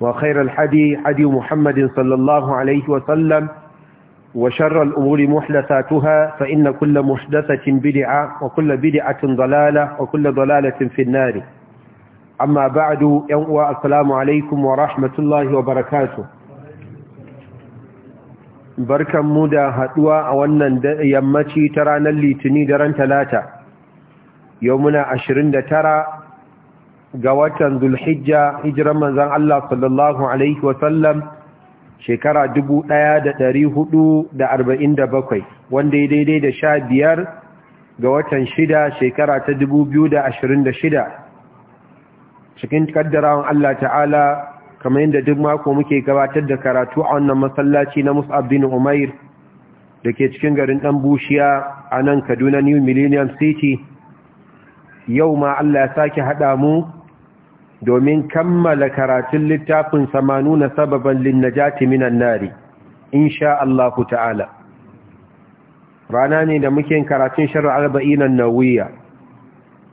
وخير الحدي حدي محمد صلى الله عليه وسلم وشر الأمور محدثاتها فإن كل محدثة بدعة وكل بدعة ضلالة وكل ضلالة في النار أما بعد يوم السلام عليكم ورحمة الله وبركاته barkan mu da haduwa a wannan yammaci ta ranar litini daren talata yau muna 29 ga watan zulhijja hijiran manzan Allah sallallahu Alaihi wasallam shekara bakwai, wanda ya daidai da sha biyar ga watan shida shekara ta da da ashirin shida. cikin kaddarawan Allah ta'ala kamar yadda duk mako muke gabatar da karatu a wannan masallaci na Musa bin Umair da ke cikin garin ɗan bushiya a nan Kaduna New Millennium City yau ma Allah ya sake haɗa mu domin kammala karatun littafin samanuna sababan linnajati minan nari insha Allah ta'ala rana ne da muke karatun shari'ar ba'inan nawiya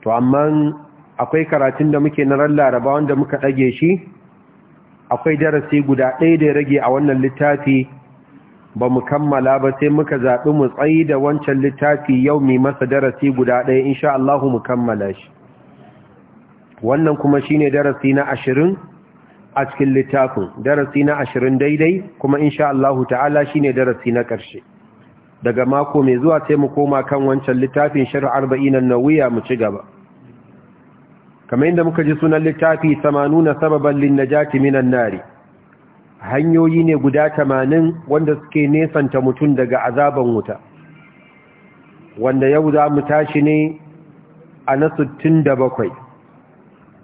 to amma akwai karatun da muke na ran laraba wanda muka ɗage shi akwai darasi guda ɗaya da ya rage a wannan littafi ba mu kammala ba sai muka zaɓi mu tsayi da wancan littafi yau mai masa darasi guda ɗaya insha Allahu mu kammala shi wannan kuma shine darasi na ashirin a cikin littafin darasi na ashirin daidai kuma insha Allahu ta'ala shine darasi na ƙarshe daga mako mai zuwa sai mu koma kan wancan littafin shari'ar arba'inan nawiya mu ci gaba kamar yadda muka ji sunan littafi 80 sababan lin najati minan nari hanyoyi ne guda tamanin wanda suke nesanta mutum daga azaban wuta wanda yau za mu tashi ne a na da bakwai,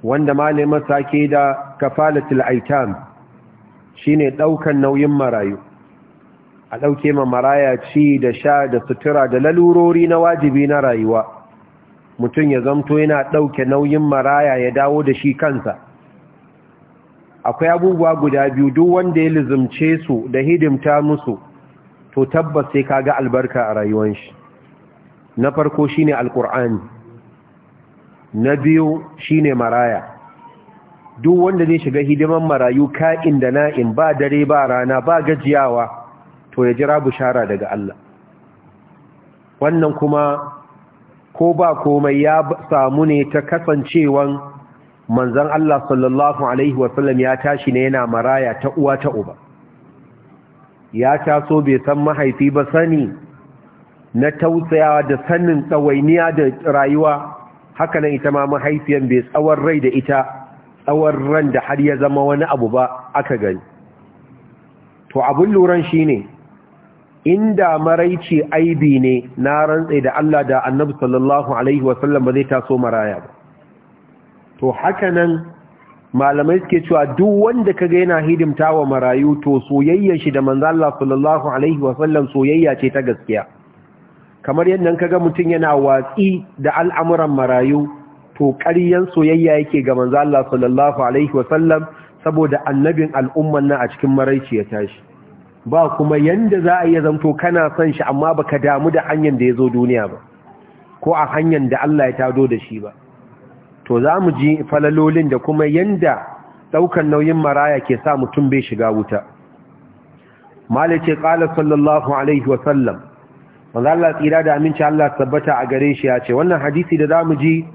wanda Masa ke da kafalatul aitam shine ɗaukan nauyin marayu a ɗauke ma maraya ci da sha da sutura da lalurori na wajibi na rayuwa mutum ya zamto yana ɗauke nauyin maraya ya dawo da shi kansa akwai abubuwa guda biyu duk wanda ya lizumce su da hidimta musu to tabbas sai kaga albarka a rayuwar shi na farko shine alqur'ani na biyu shine maraya duk wanda zai shiga hidiman marayu ka'in da na'in ba dare ba rana ba gajiyawa to ya jira bushara daga Allah wannan kuma ko ba komai ya samu ne ta kasancewan Manzan Allah sallallahu alaihi wasallam ya tashi ne yana maraya ta uwa ta uba ya taso bai san mahaifi ba sani na tausaya da sanin tsawainiya da rayuwa haka nan ita ma mahaifiyan bai tsawon rai da ita tsawon ran da har ya zama wani abu ba aka gani to abin luran shine inda maraici aibi ne na rantse da Allah da Annabi sallallahu alaihi wasallam ba zai taso maraya ba to haka nan malamai suke cewa duk wanda kaga yana hidimta wa marayu to soyayya shi da manzo Allah sallallahu alaihi wa sallam soyayya ce ta gaskiya kamar yadda kaga mutum yana watsi da al'amuran marayu to ƙaryan soyayya yake ga manzo Allah sallallahu alaihi wa sallam saboda annabin al'umman nan a cikin maraici ya tashi ba kuma yanda za a iya zanto kana son shi amma baka damu da hanyar da ya zo duniya ba ko a hanyar da Allah ya tado da shi ba to za mu ji falalolin da kuma yanda daukan nauyin maraya ke sa mutum bai shiga wuta malice ƙala sallallahu alaihi sallam wanda Allah tsira da aminci Allah tabbata a gare shi ya ce wannan hadisi da za mu ji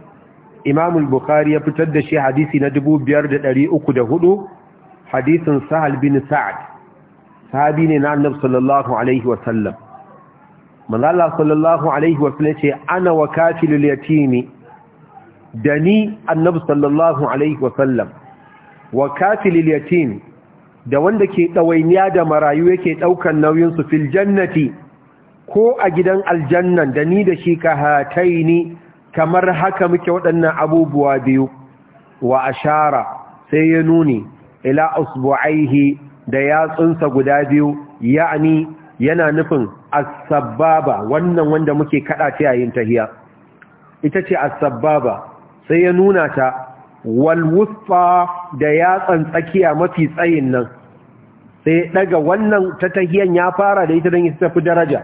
al bukhari ya fitar da shi hadisi na 5,304 hadisin sahal bin sa'ad sahabi ne na annabi sallallahu alaihi wa sallam. manzala sallallahu alaihi wa sallam ce ana wakatilul yatimi da ni annabi sallallahu alaihi wasallam wa katilil yatim da wanda ke ɗawainiya da marayu yake ɗaukan nauyinsu fil jannati ko a gidan aljannan da ni da shi ka hatai ni kamar haka muke waɗannan abubuwa biyu wa ashara sai ya nuni ila usbu'aihi da yatsunsa guda biyu ya'ani yana nufin as-sababa wannan wanda muke kada ta yayin tahiya ita ce as-sababa sai ya nuna ta walwufa da yatsan tsakiya mafi tsayin nan sai daga wannan ta tahiyan ya fara da ita don yi tafi daraja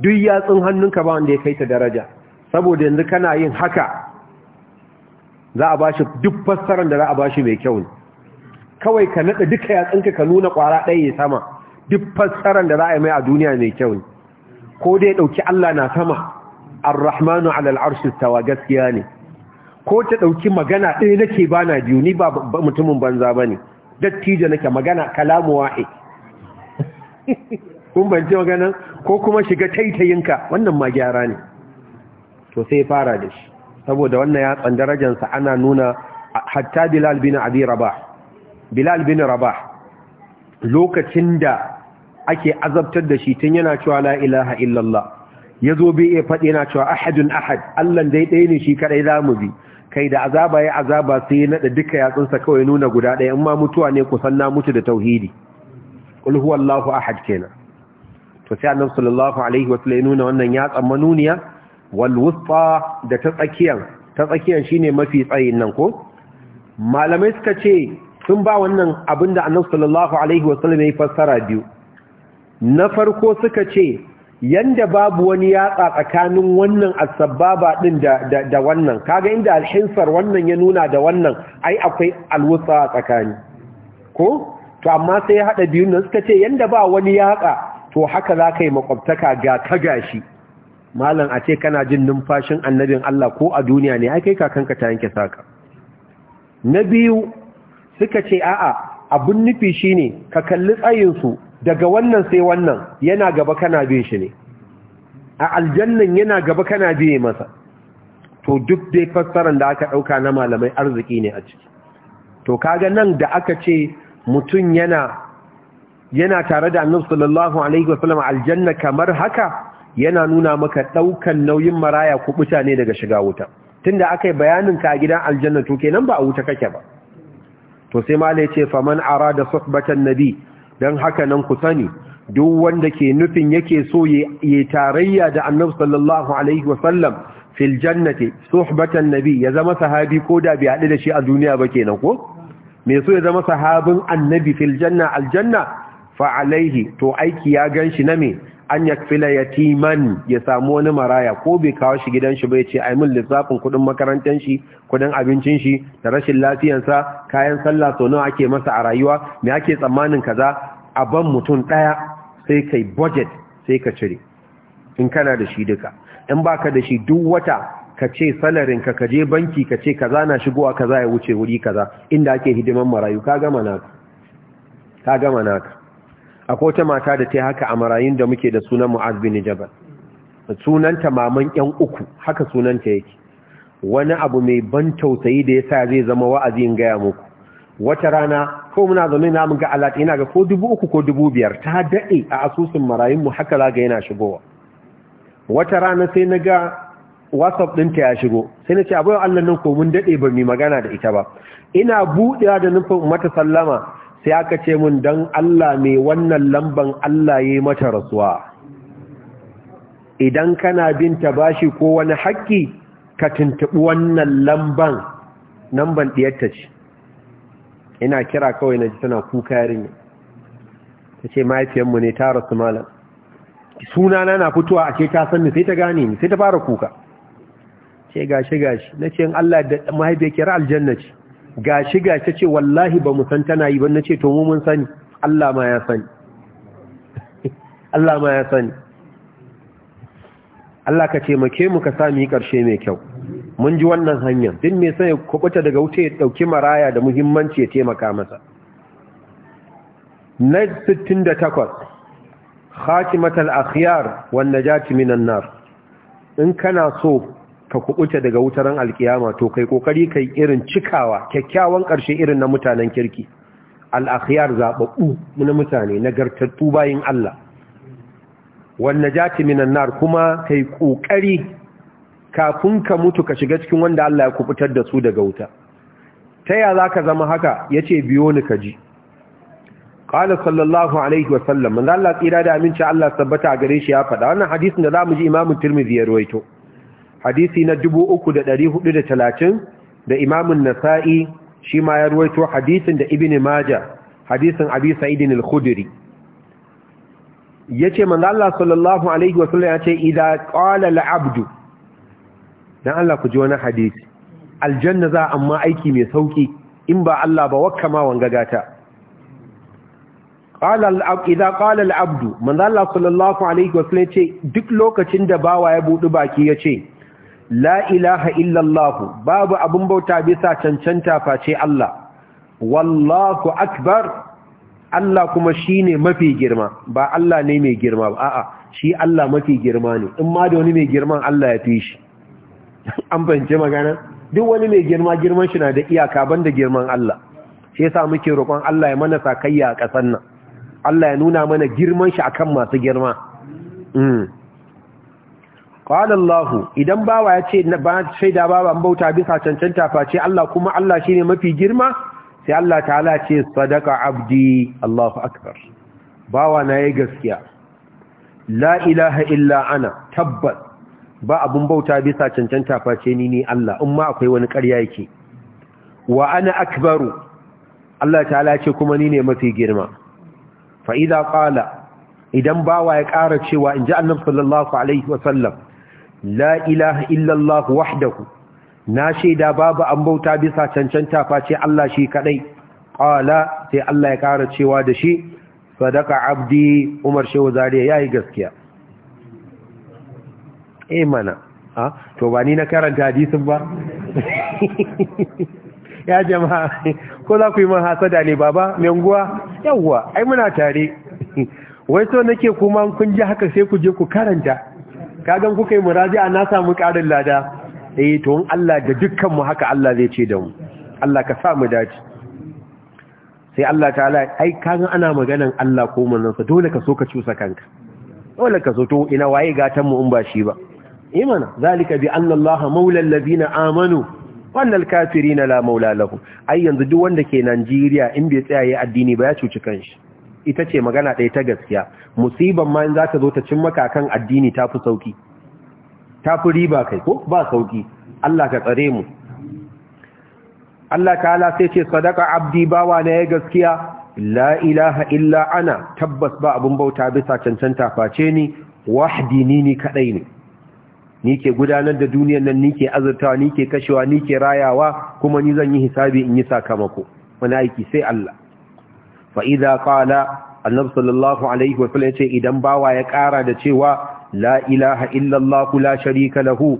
duk yatsun hannunka ba wanda ya kai ta daraja saboda yanzu kana yin haka za a bashi duk fassarar da za a bashi mai kyau ne kawai ka nada duka yatsunka ka nuna kwara ɗaya sama duk fassarar da za a yi mai a duniya mai kyau ne ko dai ɗauki Allah na sama ar-rahmanu alal arshi tawa gaskiya ne ko ta ɗauki magana ɗaya nake ba na biyu ni ba mutumin banza ba ne dattijo nake magana kalamu wa'e kun banci magana ko kuma shiga taitayinka wannan ma gyara ne to sai fara da shi saboda wannan ya tsandarajansa ana nuna hatta bilal bin abi rabah bilal bin rabah lokacin da ake azabtar da shi tun yana cewa la ilaha illallah ya zo bai faɗi yana cewa ahadun ahad Allah dai ɗaya ne shi kaɗai za mu bi kai da azaba ya azaba sai ya nada duka yatsunsa kawai nuna guda ɗaya in ma mutuwa ne ku na mutu da tauhidi qul huwallahu ahad kenan to sai annabi sallallahu alaihi wa sallam nuna wannan tsamma manuniya wal wusta da ta tsakiyan ta tsakiyan shine mafi tsayin nan ko malamai suka ce sun ba wannan abinda annabi sallallahu alaihi wa sallam ya fassara biyu na farko suka ce yanda babu wani yatsa tsakanin wannan asbaba din da da wannan kaga inda alhinsar wannan ya nuna da wannan ai akwai alwusa tsakani ko to amma sai ya hada biyun nan suka ce yanda ba wani yatsa to haka za ka yi makwabtaka ga ka gashi malam a ce kana jin numfashin annabin Allah ko a duniya ne ai kai kakanka ta yanke saka na biyu suka ce a'a abun nufi shine ka kalli tsayin su daga wannan sai wannan yana gaba kana biye shi ne a aljannan yana gaba kana biye masa to duk dai fassarar da aka ɗauka na malamai arziki ne a ciki to kaga nan da aka ce mutum yana yana tare da annabi sallallahu alaihi wasallam aljanna kamar haka yana nuna maka ɗaukan nauyin maraya ko mutane daga shiga wuta tunda akai bayanin ka gidan aljanna to kenan ba a wuta kake ba to sai malai ce faman arada suhbatan nabi don haka nan ku sani duk wanda ke nufin yake so ya tarayya da annabi sallallahu alaihi wasallam fil jannati suhbatan nabi ya zama sahabi ko da bai haɗu da shi a duniya ba kenan ko me so ya zama sahabin annabi fil janna aljanna fa alaihi to aiki ya ganshi na me an yakfila yatiman ya samu wani maraya ko bai kawo shi gidan shi bai ce ai mun lissafin kudin makarantar shi kudin abincin shi da rashin lafiyarsa kayan sallah sau nawa ake masa a rayuwa me ake tsammanin kaza a ban mutum ɗaya sai kai budget sai ka cire in kana da shi duka in ba ka da shi duk wata ka ce salarin ka kaje banki ka ce kaza na shigowa kaza ya wuce wuri kaza inda ake hidiman marayu ka gama naka ka gama akwai wata mata da ta yi haka a marayun da muke da sunan Mu'az bin Jabal sunanta maman yan uku haka sunanta yake wani abu mai ban tausayi da ya sa zai zama wa'azi in gaya muku wata rana ko muna zaune na mun ga alaƙa ina ga ko dubu uku ko dubu biyar ta daɗe a asusun marayunmu haka za ga yana shigowa wata rana sai na ga whatsapp ɗinta ya shigo sai na ce abuwa allah nan ko mun daɗe ba mai magana da ita ba ina buɗewa da nufin mata sallama sai aka ce mun don allah mai wannan lamban allah ya yi mata rasuwa idan kana binta bashi ko wani haƙƙi ka tuntuɓi wannan lamban lamban ɗiyarta ce ina kira kawai na ji tana kuka yarinya ta ce mahaifiyanmu ne ta rasu malam Suna na fitowa a ce ta sanni sai ta gane ni sai ta fara kuka ce gashi gashi na ce Allah da mahaifiyar kira aljanna ce gashi gashi ta ce wallahi ba mu san tana yi ba na ce to mu mun sani Allah ma ya sani Allah ma ya sani Allah ka ce ke mu ka sami karshe mai kyau mun ji wannan hanyar duk mai sai kubuta daga wuce ya dauki maraya da muhimmanci ya taimaka masa na 68 khatimatul akhyar wan najati minan nar in kana so ka kubuta daga wutaran alkiyama to kai kokari kai irin cikawa kyakkyawan ƙarshe irin na mutanen kirki al akhyar zababbu na mutane nagartattu bayan Allah wan najati minan nar kuma kai ƙoƙari? kafin ka mutu ka shiga cikin wanda Allah ya kubutar da su daga wuta ta ya za ka zama haka ya ce biyo ni ka ji ƙala sallallahu alaihi wasallam manzan Allah tsira da aminci Allah sabbata a gare shi ya faɗa wannan hadisin da za mu ji imamun turmi ya ruwaito hadisi na dubu uku da dari hudu da talatin da imamun nasa'i shi ma ya ruwaito hadisin da ibn maja hadisin abi sa'idin al Ya ce manzan Allah sallallahu alaihi wasallam ya ce qala abdu dan Allah ku ji wani hadisi aljanna za amma aiki mai sauki in ba Allah ba wakka ma wanga gata qala al idza qala al abdu man Allah sallallahu alaihi wasallam ce duk lokacin da bawa ya budu baki yace la ilaha illa Allah babu abun bauta bisa cancanta face Allah wallahu akbar Allah kuma shine mafi girma ba Allah ne mai girma ba a'a shi Allah mafi girma ne in ma da wani mai girman Allah ya fi shi an fahimci magana duk wani mai girma girman shi na da iyaka banda girman Allah shi yasa muke roƙon Allah ya mana sakayya a ƙasar nan Allah ya nuna mana girman shi akan masu girma mm. qala idan bawa ya ce ba shaida ba ban bauta bisa cancanta face Allah kuma Allah shine mafi girma sai Allah ta'ala ce sadaka abdi Allahu akbar bawa na yayi gaskiya la ilaha illa ana tabbas ba abun bauta bisa cancanta face ni ne Allah in ma akwai wani ƙarya yake wa ana akbaru Allah ta'ala ce kuma ni ne mafi girma fa idza qala idan bawa ya ƙara cewa in ji annabi sallallahu alaihi wa sallam la ilaha illa Allah wahdahu na shaida babu an bauta bisa cancanta face Allah shi kadai qala sai Allah ya ƙara cewa da shi sadaka abdi Umar Shehu Zariya yayi gaskiya Imana! Eh, a ah, to ba ni na karanta hadisin ba ya jama'a ko za ku yi man hasada ne baba mai yawwa ai muna tare wai so nake kuma kun ji haka sai ku je ku karanta kagan kuka yi muraji'a na samu karin lada eh to in Allah da dukkan mu haka Allah zai ce da mu Allah ka sa mu dace sai Allah ta'ala ai kagan ana maganan Allah ko manzon sa dole ka so ka cusa kanka dole ka so to ina waye gatan mu in ba shi ba imana eh zalika bi anna allaha maulal alladhina amanu wannan kafiri na la maula lahu ai yanzu duk wanda ke Najeriya in bai tsaya addini ba ya cuci kanshi ita ce magana ɗaya ta gaskiya musiban ma in zaka zo ta cin maka kan addini tafi sauki tafi riba kai ko ba sauki Allah ka tsare mu Allah ta'ala sai ce sadaka abdi bawa na ya gaskiya la ilaha illa ana tabbas ba abun bauta bisa cancanta face ni wahdini ni ni kadai ne ni ke gudanar da duniyar nan ni ke azurtawa ni ke kashewa ni ke rayawa kuma ni zan yi hisabi in yi sakamako wani aiki sai Allah fa idza qala annabi sallallahu alaihi wa sallam yace idan bawa ya kara da cewa la ilaha illa Allah la sharika lahu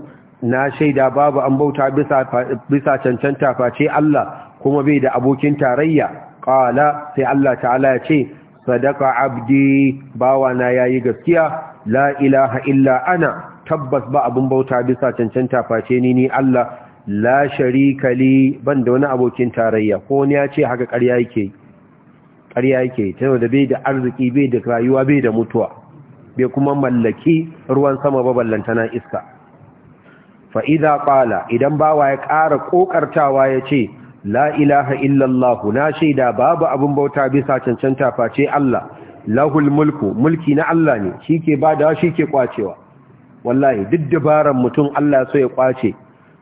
na shaida babu an bauta bisa bisa cancanta face Allah kuma bai da abokin tarayya qala sai Allah ta'ala yace sadaqa abdi bawa na yayi gaskiya la ilaha illa ana tabbas ba abun bauta bisa cancanta face ni ni Allah la sharika li ban da wani abokin tarayya ko wani ya ce haka ƙarya yake ƙarya yake tana da bai da arziki bai da rayuwa bai da mutuwa bai kuma mallaki ruwan sama ba ballantana iska fa idza qala idan bawa ya ƙara kokartawa ya ce la ilaha illallah na shaida babu abun bauta bisa cancanta face Allah lahul mulku mulki na Allah ne shike badawa shike kwacewa wallahi duk dabaran mutum Allah so ya kwace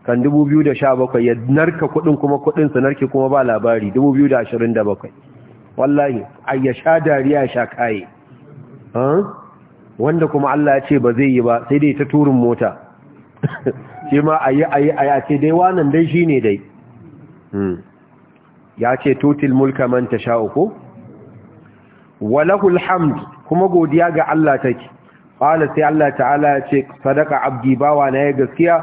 kan 2017 ya narka kudin kuma kudin su narke kuma ba labari 2027 wallahi ayya sha dariya sha kaye wanda kuma Allah ya ce ba zai yi ba sai dai ta turin mota shi ma ayi ayi ayi ce dai wannan dai shine dai hmm. ya ce tutil mulka man tasha'u ko walahul hamd kuma godiya ga Allah take qala sai Allah ta'ala ya ce sadaka abdi bawa na ya gaskiya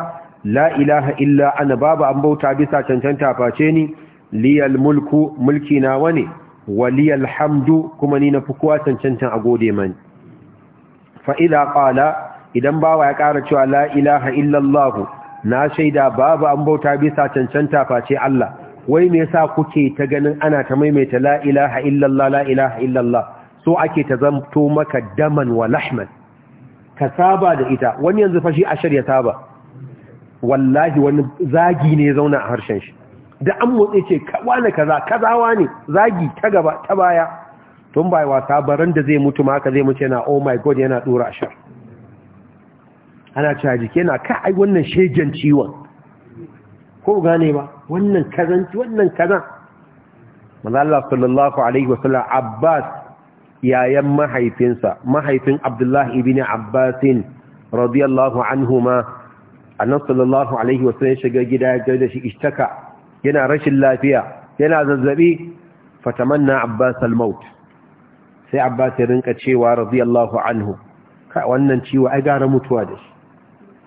la ilaha illa ana babu an bauta bisa cancanta face ni liyal mulku mulki na wane waliyal hamdu kuma ni na fi kowa cancantan a gode mani fa idza qala idan bawa ya ƙara cewa la ilaha illa na shaida babu an bauta bisa cancanta face Allah wai me yasa kuke ta ganin ana ta maimaita la ilaha illallah la ilaha illallah so ake ta zamto maka daman wa lahman ka saba da ita wani yanzu fashi ashar ya saba wallahi wani zagi ne ya zauna a harshen shi da an motsi ce wane kaza kazawa ne zagi ta gaba ta baya tun bai wasa baran da zai mutu maka zai mutu yana oh my god yana dora shar ana jike yana ka ai wannan shegen ciwon ko gane ba wannan kazanci wannan kazan manzo Allah sallallahu alaihi wasallam Abbas yayan mahaifinsa mahaifin abdullahi ibn abbasin radiyallahu anhuma annabi sallallahu alaihi wasallam shiga gida ya da shi ishtaka yana rashin lafiya yana zazzabi fatamanna abbas al-maut sai abbas ya rinka cewa radiyallahu anhu ka wannan ciwo ai gara mutuwa da shi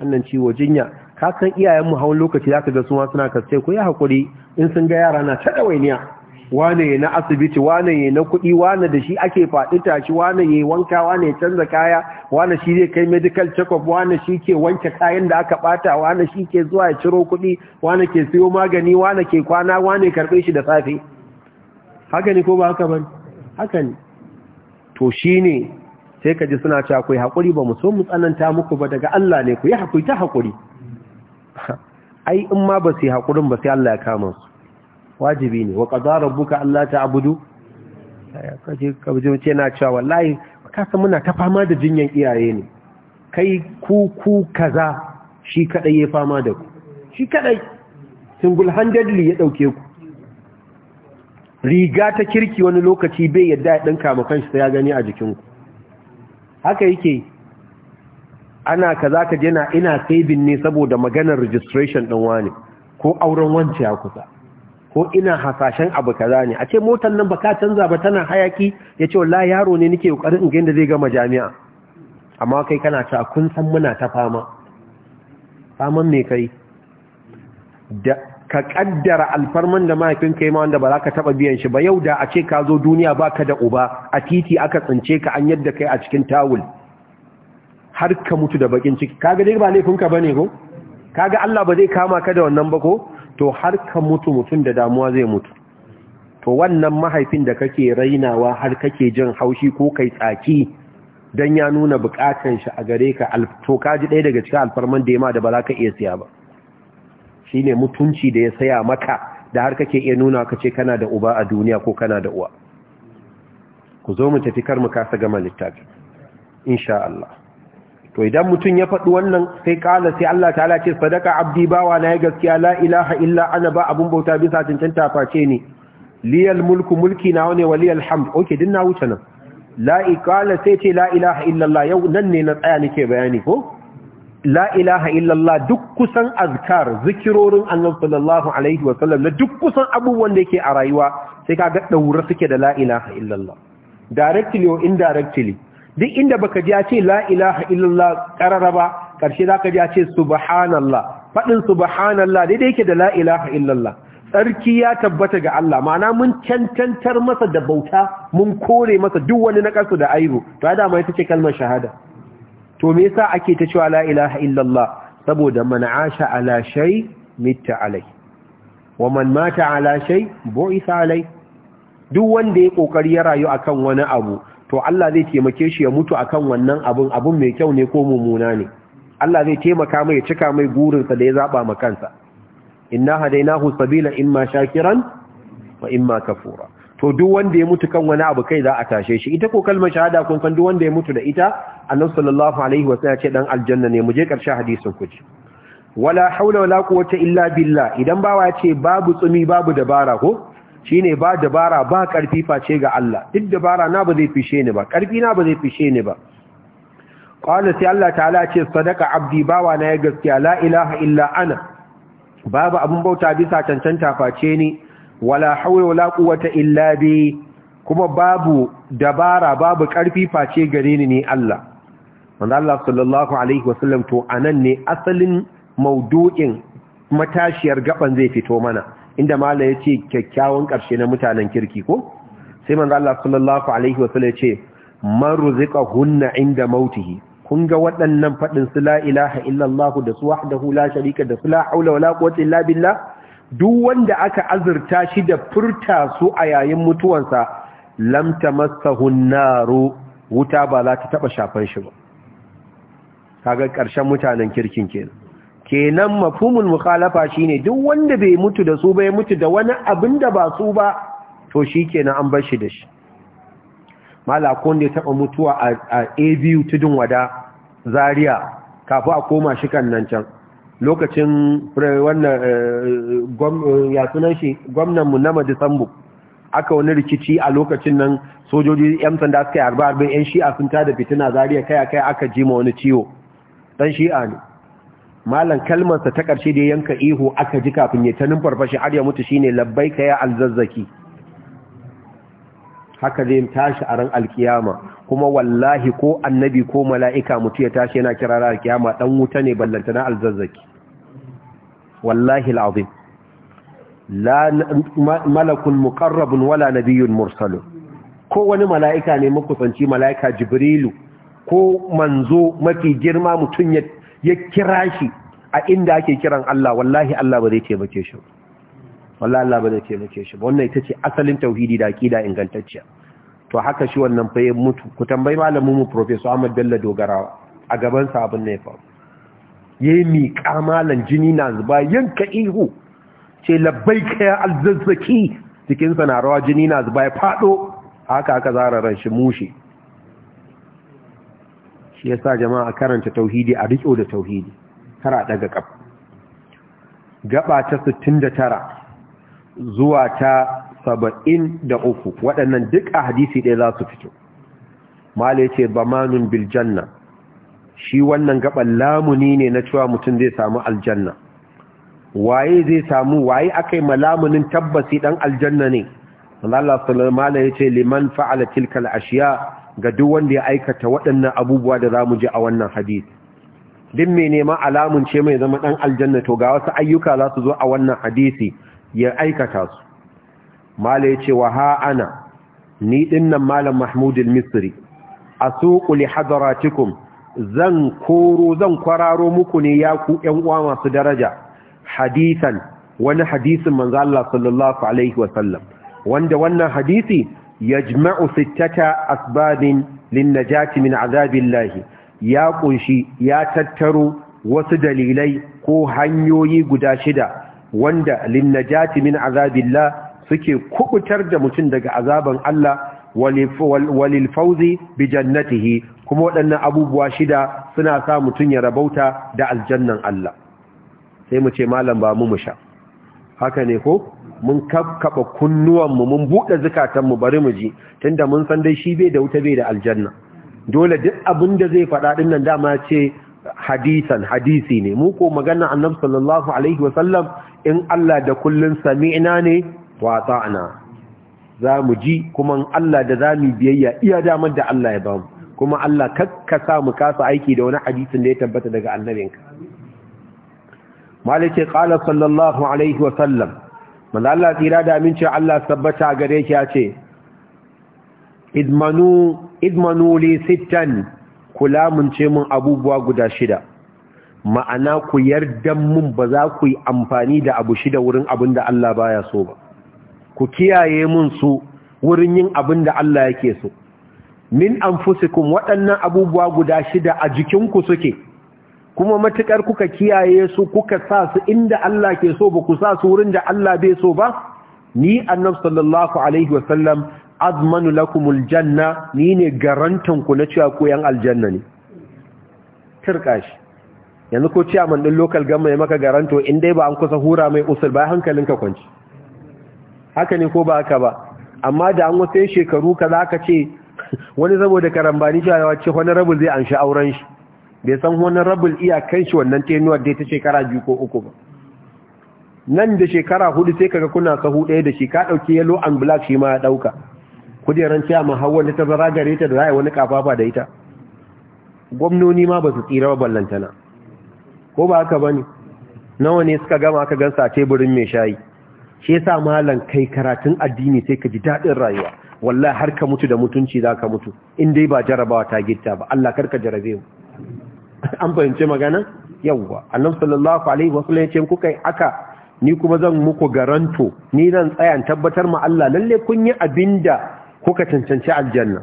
wannan ciwo jinya ka san iyayen mu hawan lokaci zaka ga su suna kace ko ya hakuri in sun ga yara na ta dawainiya wane na asibiti wane na kuɗi wane da shi ake faɗi tashi wane ya wanka wane ya canza kaya wane shi zai kai medical check-up wane shi ke wanke kayan da aka ɓata wane shi ke zuwa ya ciro kuɗi wane ke siyo magani wane ke kwana wane karɓe shi da safe haka ne ko ba haka bane haka ne to shine sai ka ji suna cewa ku haƙuri ba mu so mu tsananta muku ba daga Allah ne ku yi haƙuri ta haƙuri ai in ma ba su yi haƙurin ba sai Allah ya kama su wajibi ne wa qadara rabbuka alla ta'budu kaje kaje ce na cewa wallahi kasa muna ta fama da jinyan iyaye ne kai ku ku kaza shi kadai ya fama da ku shi kadai singul handedly ya dauke ku riga ta kirki wani lokaci bai yadda ya ɗan ma kanshi ya gani a jikin ku haka yake ana kaza ka je ina saving ne saboda maganar registration din wani ko auren wancan ya kusa ko ina hasashen abu kaza ne a ce motar nan baka canza ba tana hayaki ya ce wallahi yaro ne nake kokarin in ga yadda zai gama jami'a amma kai kana ta kun san muna ta fama faman me kai da ka kaddara alfarman da mahaifin kai ma wanda ba za ka taba biyan shi ba yau da a ce ka zo duniya baka da uba a titi aka tsince ka an yadda kai a cikin tawul har ka mutu da bakin ciki kaga dai ba laifinka bane ko kaga Allah ba zai kama ka da wannan ba ko to har ka mutu mutum da damuwa zai mutu to wannan mahaifin da kake rainawa har kake jin haushi ko kai tsaki dan ya nuna bukatan shi a gare ka to kaji ɗaya daga cikin alfarman da ya ma da ba za ka iya siya ba shine mutunci da ya saya maka da har kake iya nuna ka ce kana da uba a duniya ko kana da uwa ku zo mu tafi kar mu kasa gama littafi insha Allah to idan mutum ya faɗi wannan sai ƙala sai Allah ta'ala ce sadaka abdi bawa na ya gaskiya la ilaha illa ana ba abun bauta bisa ta face ne liyal mulku mulki na wane wa liyal hamd Ok, din na wuce nan la iqala sai ce la ilaha illallah yau nan ne na tsaya nake bayani ko la ilaha illallah duk kusan azkar zikirorin annabi sallallahu alaihi wa sallam duk kusan abubuwan da yake a rayuwa sai ka ga daura suke da la ilaha illallah directly or indirectly duk inda baka ji a ce la ilaha illallah karara ba za zaka ji a ce subhanallah Faɗin subhanallah daidai yake da la ilaha illallah tsarki ya tabbata ga Allah ma'ana mun cancantar masa da bauta mun kore masa duk wani nakasu da aibu to ya dama ita ce kalmar shahada to me yasa ake ta cewa la ilaha illallah saboda man asha ala shay alai wa man mata ala shay bu'itha alai duk wanda ya kokari ya rayu akan wani abu to Allah zai taimake shi ya mutu akan wannan abun abun mai kyau ne ko mumuna ne Allah zai taimaka mai ya cika mai gurinsa da ya zaba ma kansa inna hadainahu sabila imma shakiran wa imma kafura to duk wanda ya mutu kan wani abu kai za a tashe shi ita ko kalmar shahada kun san duk wanda ya mutu da ita annabi sallallahu alaihi wasallam ya ce dan aljanna ne mu je karshe hadisin ku ji wala haula wala quwwata illa billah idan bawa ya ce babu tsumi babu dabara ko shine ba dabara ba karfi face ga Allah duk dabara na ba zai fishe ni ba karfi na ba zai fishe ni ba qala sai Allah ta'ala ce sadaka abdi bawa na ya gaskiya la ilaha illa ana babu abun bauta bisa cancanta face ni wala hawla wala quwwata illa bi kuma babu dabara babu karfi face gare ni ne Allah manzo Allah sallallahu alaihi wasallam to anan ne asalin maudu'in matashiyar gaban zai fito mana inda mala ya ce kyakkyawan ƙarshe na mutanen kirki ko sai manzo Allah sallallahu alaihi wasallam ya ce man hunna inda mautihi kun ga waɗannan faɗin su la ilaha illallah da su wahdahu la sharika da su la haula wala quwwata illa billah duk wanda aka azurta shi da furta su a yayin mutuwansa lam tamassahu naru wuta ba za ta taba shafan shi ba kaga ƙarshen mutanen kirkin kenan kenan mafhumul mukhalafa shine duk wanda bai mutu da su ya mutu da wani abin da ba su ba to shikenan an bar shi da shi malakon da ya taba mutuwa a ABU tudun wada Zaria kafin a koma shi kan nan can lokacin wannan eh, eh, ya sunan shi gwamnan mu na Madisambu aka wani rikici a lokacin nan sojoji yan sanda suka yi harba harbin yan shi'a sun tada fitina Zariya kai kai aka jima wani ciwo dan shi'a ne malam kalmarsa ta ƙarshe da yanka ihu aka ji kafin ya ta numfarfashi har ya mutu shine labbaika ya alzazzaki haka zai tashi a ran alkiyama kuma wallahi ko annabi ko mala'ika mutu ya tashi yana kira ran alkiyama dan wuta ne ballanta na alzazzaki wallahi alazim la malakun muqarrabun wala nabiyyun mursal ko wani mala'ika ne makusanci mala'ika jibrilu ko manzo mafi girma mutun ya ya kira shi a inda ake kiran Allah wallahi Allah ba zai taimake shi wallahi Allah ba zai taimake shi wannan ita ce asalin tauhidi da aqida ingantacciya to haka shi wannan fa ya mutu ku tambayi malamin mu professor Ahmad Bello Dogarawa a gaban sa abin ne fa yayi mi kamalan jini na zuba yanka ihu ce labbaika ya alzazzaki cikin sa na rawa jini na zuba ya fado haka aka zara ran shi mushi shi yasa jama'a karanta tauhidi a riko da tauhidi Tara daga kaf gaba ta 69 zuwa ta 73 waɗannan duk a hadisi ɗaya za su fito mala ce bamanun bil shi wannan gaban lamuni ne na cewa mutum zai samu aljanna waye zai samu waye akai malamunin tabbasi dan aljanna ne Allah sallallahu alaihi yace liman fa'ala tilkal ashiya ga duk wanda ya aikata waɗannan abubuwa da zamu je a wannan hadisi din me ma alamun ce mai zama dan aljanna to ga wasu ayyuka za su zo a wannan hadisi ya aikata su mala ya ce wa ha ana ni dinnan malam mahmud al-misri asuqu li hadratikum zan koro zan kwararo muku ne ya ku ƴan uwa masu daraja hadisan wani hadisin manzo Allah sallallahu alaihi wasallam wanda wannan hadisi yajma'u sittata asbabin linnajati min azabillahi ya kunshi ya tattaro wasu dalilai ko hanyoyi guda shida wanda linnajati min azabillah suke kubutar da mutum daga azaban Allah walil fawzi bi jannatihi kuma waɗannan abubuwa shida suna sa mutum ya rabauta da aljannan Allah sai mu ce malam ba mu musha haka ne ko mun kakkaba kunnuwanmu mun buɗe zukatanmu bari mu ji tunda mun san dai shi bai da wuta bai da aljanna dole duk abin da zai faɗa ɗin nan dama ce hadisan hadisi ne mu ko magana annabi sallallahu alaihi wasallam in Allah da kullun sami'na ne wa ta'ana za mu ji kuma Allah da zamu biyayya iya damar da Allah ya bamu kuma Allah kakka sa mu kasa aiki da wani hadisin da ya tabbata daga annabinka malike qala sallallahu alaihi wasallam manzo Allah tsira da aminci Allah sabbata gare shi ya ce idmanu li sittan kula mun ce mun abubuwa guda shida ma'ana ku yarda mun ba za ku yi amfani da abu shida wurin abin da Allah baya so ba ku kiyaye mun su wurin yin abin da Allah yake so min anfusikum waɗannan abubuwa guda shida a jikinku suke kuma matukar kuka kiyaye su kuka sa su inda Allah ke so ba ku sa su wurin da Allah bai so ba ni annab sallallahu alaihi wasallam azmanu lakumul janna ni ne garantan ku na cewa ku yan aljanna ne tirkashi shi yanzu ko ciya man din local gamma ya maka garanto in dai ba an kusa hura mai usul ba ka kwanci haka ne ko ba haka ba amma da an wasu shekaru kaza ka ce wani saboda karambani cewa ce rabu zai an sha auren shi bai san wani rabul kan shi wannan tenuwar dai ta shekara biyu ko uku ba nan da shekara hudu sai kaga kuna sahu ɗaya da shi ka ɗauki yellow and black shi ma ya ɗauka kujeran ciya ma hawa ta zara gare ta da za a yi wani kafafa da ita gwamnoni ma ba su tsira ba ballantana ko ba haka ba ne nawa ne suka gama aka gansa a teburin mai shayi shi yasa malam kai karatun addini sai ka ji daɗin rayuwa wallahi har ka mutu da mutunci za ka mutu in dai ba jarabawa ta gitta ba Allah karka jarabe mu an fahimce magana yawwa annabi sallallahu alaihi wasallam yace ku kai aka ni kuma zan muku garanto ni zan tsaya tabbatar ma Allah lalle kun yi abinda kuka cancanci aljanna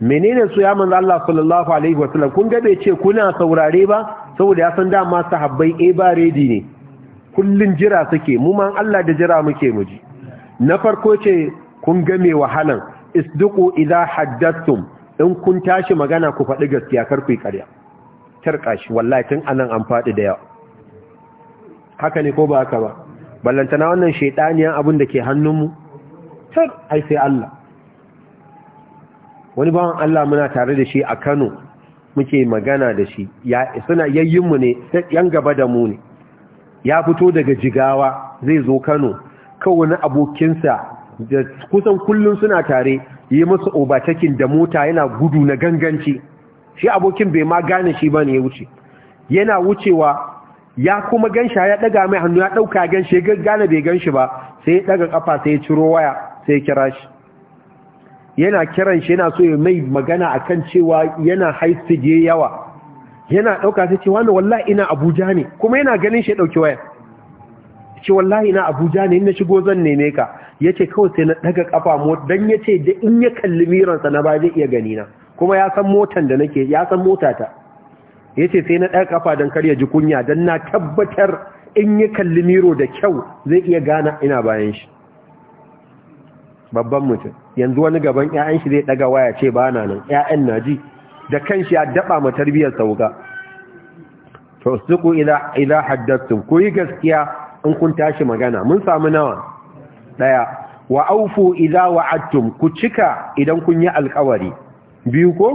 menene su ya manzo Allah sallallahu alaihi wasallam kun ga bai ce kuna saurare ba saboda ya san dama sahabbai eh ba ready ne kullun jira suke mu man Allah da jira muke muji na farko ce kun ga me wahalan isduqu idha haddathtum in kun tashi magana ku faɗi gaskiya kar ku yi ƙarya tarka shi wallahi tun anan an faɗi da yawa haka ne ko ba haka ba ballantana wannan shaidaniyan abin da ke hannunmu tar ai sai Allah wani bawan Allah muna tare da shi a Kano muke magana da shi ya suna mu ne yan gaba da mu ne ya fito daga jigawa zai zo Kano kawai abokinsa da kusan kullun suna tare yi masa obatakin da mota yana gudu na ganganci shi abokin bai ma gane shi ba ne ya wuce yana wucewa ya kuma ganshi ya daga mai hannu ya dauka ganshi ya gane bai ganshi ba sai ya daga kafa sai ya ciro waya sai ya kira shi yana kiran shi yana so ya mai magana akan cewa yana high yawa yana dauka sai ce wani wallahi ina Abuja ne kuma yana ganin shi ya dauki waya ce wallahi na abuja ne na shigo zan neme ka ya kawai sai na daga kafa mota Dan ya da in ya kalli miransa na ba zai iya gani na kuma ya san motan da nake ya san motata ya ce sai na daga kafa dan kar ji kunya Dan na tabbatar in ya kalli miro da kyau zai iya gana ina bayan shi babban mutum yanzu wani gaban 'ya'yan shi zai daga waya ce ba na nan 'ya'yan na ji da kanshi ya daba ma tarbiyyar sauka to suku idza idza haddathtum ku yi gaskiya in kun tashi magana mun samu nawa daya wa aufu idza wa'adtum ku cika idan kun yi alkawari biyu ko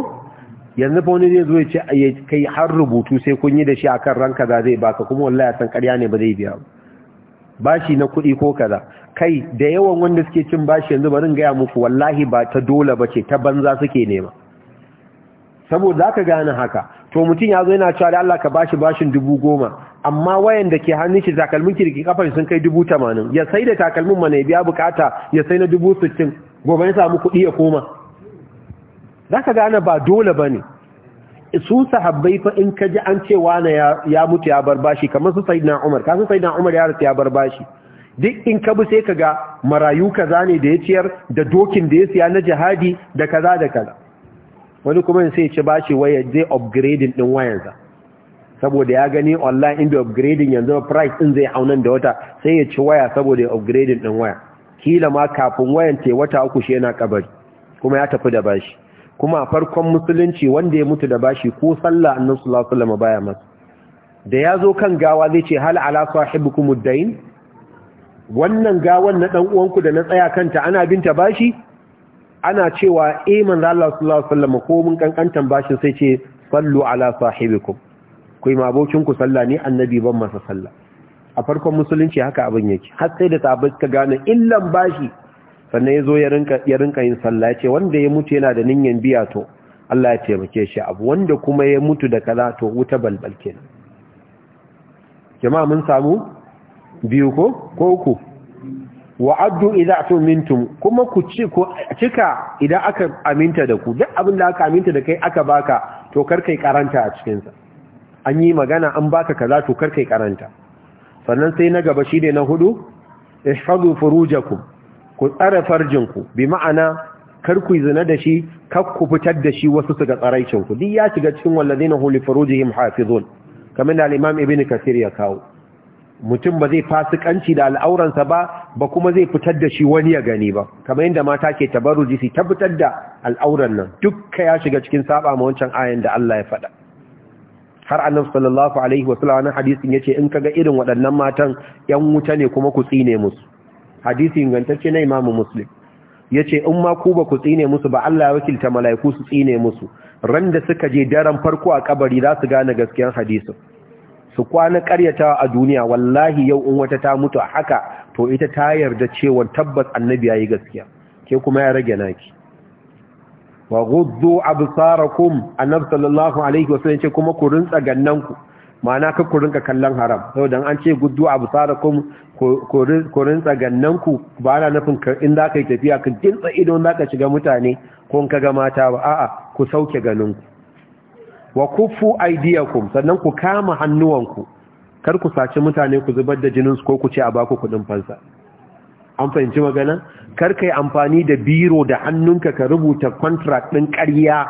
yanzu fa wani zai zo ya ce kai har rubutu sai kun yi da shi akan ran kaza zai baka kuma wallahi san ƙarya ne ba zai biya bashi na kuɗi ko kaza kai da yawan wanda suke cin bashi yanzu bari in gaya muku wallahi ba ta dole ba ce ta banza suke nema saboda zaka gane haka to mutum ya zo yana cewa da Allah ka bashi bashin dubu goma amma wayan da ke hannun shi takalmin kirki kafar sun kai dubu tamanin ya sai da takalmin mana ya biya bukata ya sai na dubu sittin gobe ya samu kuɗi ya koma za ka gane ba dole ba ne su sahabbai fa in ka ji an cewa wane ya mutu ya bar bashi kamar su sayidina umar kasu sayidina umar ya rasu ya bar bashi duk in ka bi sai ka ga marayu kaza ne da ya ciyar da dokin da ya siya na jihadi da kaza da kaza wani kuma sai ya ci bashi waya zai upgrading din wayansa saboda ya gani online inda upgrading yanzu price din zai aunan da wata sai ya ci waya saboda upgrading din waya kila ma kafin wayan te wata uku shi yana kabari kuma ya tafi da bashi kuma a farkon musulunci wanda ya mutu da bashi ko sallah annabi sallallahu alaihi wasallam baya masa da yazo kan gawa zai ce hal ala sahibukum muddain wannan gawan na dan uwanku da na tsaya kanta ana binta bashi ana cewa eh manzo Allah sallallahu alaihi wasallam ko mun kankantan bashin sai ce sallu ala sahibikum ku ma abokin ku sallah ne annabi ban masa sallah a farkon musulunci haka abin yake har sai da sahabbai ka gane illan bashi sannan yazo ya rinka ya rinka yin sallah yace wanda ya mutu yana da ninyan biya to Allah ya taimake shi abu wanda kuma ya mutu da kaza to wuta balbal jama'a mun samu biyu ko ko uku wa'addu idza tumintum kuma ku ci ko cika idan aka aminta da ku duk abin da aka aminta da kai aka baka to kar karanta a cikin sa an yi magana an baka kaza to kar karanta sannan sai na gaba shine na hudu ihfazu furujakum ku tsare ku. bi ma'ana kar ku zina da shi kar ku fitar da shi wasu su ga tsaraicin ku duk ya shiga cikin walladina hu li furujihim hafizun kamar da al-imam ibnu kasir ya kawo mutum ba zai fasikanci da al'auransa ba ba kuma zai fitar da shi wani ya gani ba kamar yadda mata ke tabarruji su ta fitar da al'auran nan dukka ya shiga cikin saba ma wancan ayan da Allah ya faɗa har annabi sallallahu alaihi wasallam nan hadisin yace in kaga irin waɗannan matan yan wuta ne kuma ku tsine musu hadisi ingantacce na Imam Muslim yace in ma ku ba ku tsine musu ba Allah ya wakilta mala'iku su tsine musu ran da suka je daren farko a kabari za su gane gaskiyar hadisin su kwana karyatawa a duniya wallahi yau in wata ta mutu haka to ita ta yarda cewa tabbas annabi yayi gaskiya ke kuma ya rage naki wa guddu absarakum annabi sallallahu alaihi wasallam ce kuma ku rinsa gannanku ma'ana ka ku rinka kallon haram saboda an ce guddu absarakum ku rinsa gannanku ba na nufin in za ka yi tafiya ka kintsa ido za ka shiga mutane ko ka ga mata ba a'a ku sauke ku. wa kuffu aydiyakum sannan ku kama hannuwanku kar ku saci mutane ku zubar da jinin su ko ku ce a baku kudin fansa an fahimci magana kar yi amfani da biro da hannunka ka rubuta contract ɗin ƙarya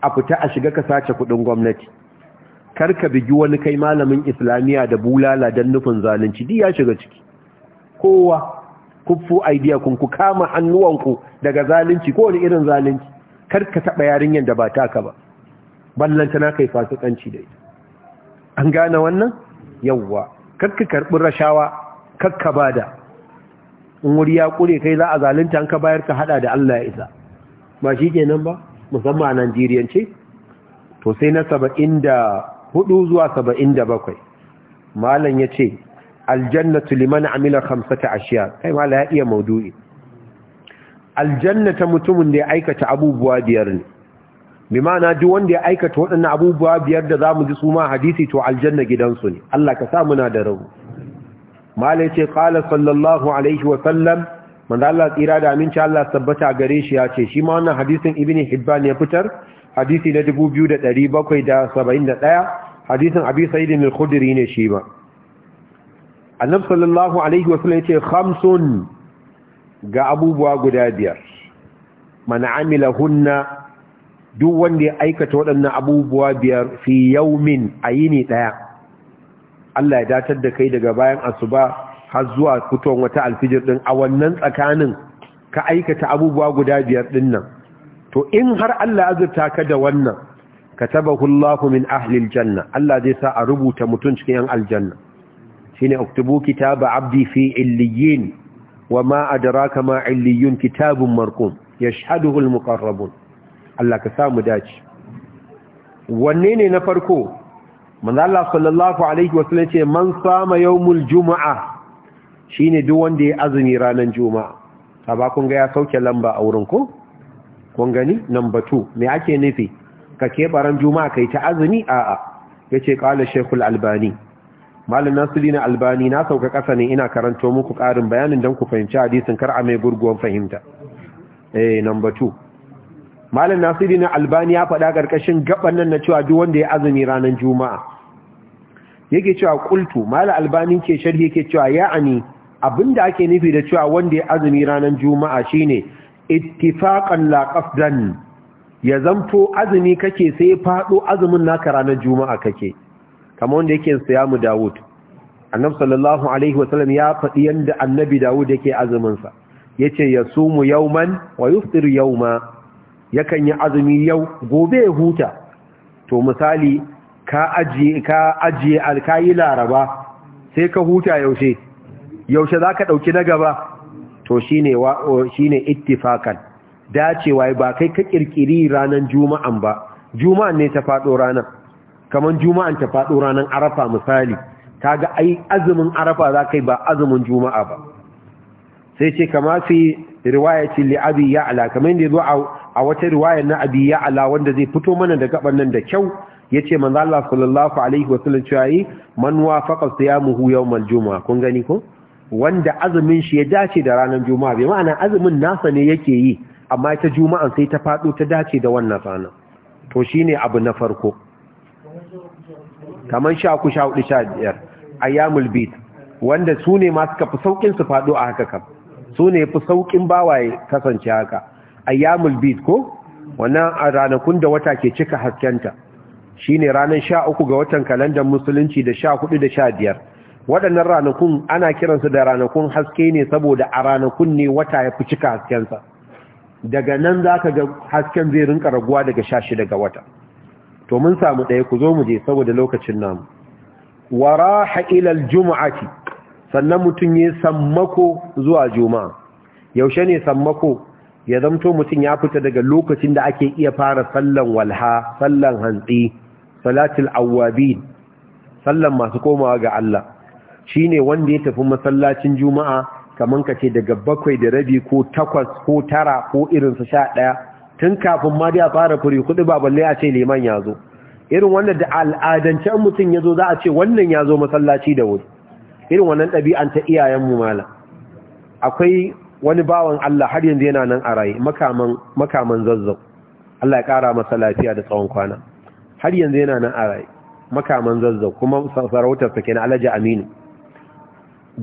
a fita a shiga ka sace kuɗin gwamnati kar ka bigi wani kai malamin islamiyya da bulala don nufin zalunci duk ya shiga ciki kowa kuffu kun ku kama hannuwanku daga zalunci ko wani irin zalunci karka ka taba yarinyan da ba taka ba ballanta na kai fasikanci da ita an gane wannan yawwa karka karɓi rashawa ba da. in wuri ya kure kai za a zalunta an ka bayar ka hada da Allah ya isa ba shi nan ba musamman a Najeriya ce to sai na saba'in da hudu zuwa saba'in da bakwai. malam ce aljannatu liman amila khamsata ashiya kai Malam ya iya maudu'i aljannata mutumin da ya aikata abubuwa biyar ne bi ma'ana duk wanda ya aikata waɗannan abubuwa biyar da zamu ji su ma hadisi to aljanna gidansu ne Allah ka sa muna da rabu malai ce kala sallallahu alaihi wa sallam manzo Allah tsira da aminci Allah tabbata gare shi ya ce shi ma wannan hadisin ibn hibban ya fitar hadisi na 2771 hadisin abi sa'id bin khudri ne shi ba annabi sallallahu alaihi wa sallam ya ce khamsun ga abubuwa guda biyar mana amila hunna duk wanda ya aikata waɗannan abubuwa biyar fi yaumin a yini ɗaya Allah ya datar da kai daga bayan asuba har zuwa fitowar wata alfijir din a wannan tsakanin ka aikata abubuwa guda biyar din nan to in har Allah azurta ka da wannan katabahu Allahu min ahli aljanna Allah zai sa a rubuta mutun cikin yan aljanna shine uktubu kitaba abdi fi illiyin wama adraka ma illiyun kitabun marqum yashhaduhu almuqarrabun Allah ka mu dace wanne ne na farko manzo Allah sallallahu alaihi wasallam ce man sama yawmul juma'a shine duk wanda ya azumi ranar juma'a ka ba kun ga ya sauke lamba a wurin ko kun gani number 2 me ake nufi ka ke baran juma'a kai ta azumi a'a yace qala shaykhul albani malam nasirin albani na sauka ƙasa ne ina karanto muku ƙarin bayanin don ku fahimci hadisin kar a mai gurguwan fahimta eh number 2 malam ne albani ya faɗa ƙarƙashin gaɓar nan na cewa duk wanda ya azumi ranar juma'a yake cewa kultu, mala albani ke sharhi ke cewa ya'ani abinda ake nufi da cewa wanda ya azumi ranar juma'a shine ittifaqan la qasdan ya zamto azumi kake sai fado azumin naka ranar juma'a kake kamar wanda yake siyamu Dawud annabi sallallahu alaihi wasallam ya faɗi yanda annabi Dawud yake azumin sa yace yasumu yawman wa yuftiru yawma yakan yi azumi yau gobe ya huta to misali ka ajiye ka ajiye alkayi laraba sai ka huta yaushe yaushe za ka ɗauki na gaba to shi ne ittifakan dacewa ba kai ka ƙirƙiri ranar juma'an ba juma'an ne ta faɗo ranar kamar juma'an ta faɗo ranar arafa misali ta ga ai azumin arafa za ka ba azumin juma'a ba sai ce kama fi riwayacin li'abi ya'ala kamar yadda zo a wata riwayar na abi ya'ala wanda zai fito mana da gaban nan da kyau Ya ce manzo Allah sallallahu alaihi wa sallam cewa yi man wafaqa siyamuhu yawmal juma'a kun gani ko wanda azumin shi ya dace da ranar juma'a bai ma'ana azumin nasa ne yake yi amma ita juma'an sai ta fado ta dace da wannan tsana. to shine abu na farko kaman sha ku sha hudu sha biyar ayyamul bid wanda su ne ma suka fi saukin su fado a haka kam su ne fi saukin bawaye kasance haka ayyamul bid ko wannan ranakun da wata ke cika haskenta Shi ne ranar sha uku ga watan kalandar musulunci da sha hudu da sha biyar waɗannan ranakun ana kiransu da ranakun haske ne saboda a ranakun ne wata ya fi cika haskensa daga nan za ka ga hasken zai rinka raguwa daga sha shida ga wata to mun samu ɗaya ku zo mu je saboda lokacin namu wara Juma'a ce. sannan mutum ya sammako zuwa juma'a yaushe ne sammako ya zamto mutum ya fita daga lokacin da ake iya fara sallan walha sallan hantsi salatul awabin sallan masu komawa ga Allah shine wanda ya tafi masallacin juma'a kaman kace daga bakwai da rabi ko takwas ko tara ko irin su 11 tun kafin ma da fara furi kudi ba balle a ce liman ya zo irin wanda da al'adance mutum ya zo za a ce wannan ya zo masallaci da wuri irin wannan ɗabi'an ta iyayenmu mala akwai wani bawan Allah har yanzu yana nan a raye makaman zazzau Allah ya kara masa lafiya da tsawon kwana har yanzu yana nan a makaman zazzau kuma sarautar ke kenan Alhaji Aminu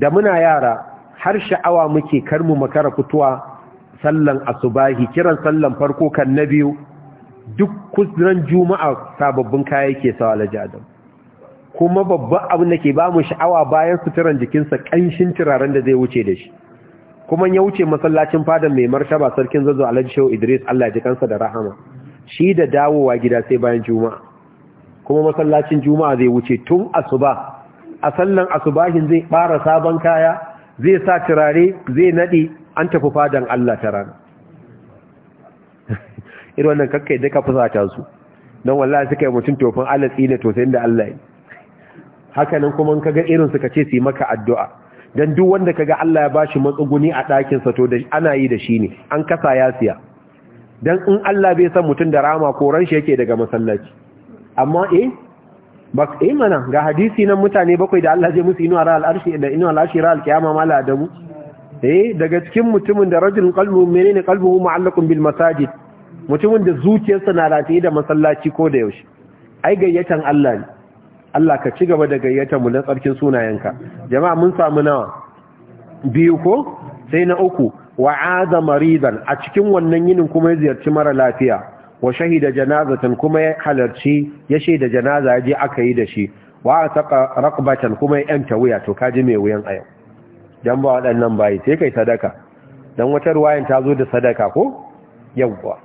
da muna yara har sha'awa muke karmu makara fituwa sallan asubahi kiran sallan farko kan na biyu duk kusuran juma'a sababbin kaya yake sawa Alhaji Adam kuma babban abu da ke ba sha'awa bayan suturan jikinsa ƙanshin turaren da zai wuce da shi kuma ya wuce masallacin fadan mai martaba sarkin zazzau alhaji shehu idris allah ya ji kansa da rahama shi da dawowa gida sai bayan juma'a kuma masallacin juma'a zai wuce tun asuba a sallan asubahin zai bara sabon kaya zai sa turare zai nadi an tafi fadan Allah ta rana irin wannan kakkai da ka fusata su don wallahi suka yi mutum tofin Allah tsine to da Allah yi haka nan kuma kaga irin suka ce su yi maka addu'a dan duk wanda kaga Allah ya bashi matsuguni a ɗakin to da ana yi da shi ne an kasa ya siya dan in Allah bai san mutum da rama ran shi yake daga masallaci amma eh ba eh mana ga hadisi nan mutane bakwai da Allah zai musu inuwa ra'al arshi da inuwa lashi ra'al al-qiyama mala adamu eh daga cikin mutumin da rajulun qalbu menene qalbuhu ma'allakun bil masajid mutumin da zuciyarsa na rataye da masallaci ko da yaushe ai gayyatan Allah ne Allah ka ci gaba da gayyatan mu na tsarkin sunayenka jama'a mun samu nawa biyu ko sai na uku wa'aza maridan a cikin wannan yinin kuma ya ziyarci mara lafiya wa shahida janazatan kuma ya halarci ya shaida janaza ya je aka yi da shi wa taqa raqbatan kuma ya yanta wuya to kaji mai wuyan ayo dan ba wadannan bayi sai kai sadaka dan wata ruwayan ta zo da sadaka ko yawwa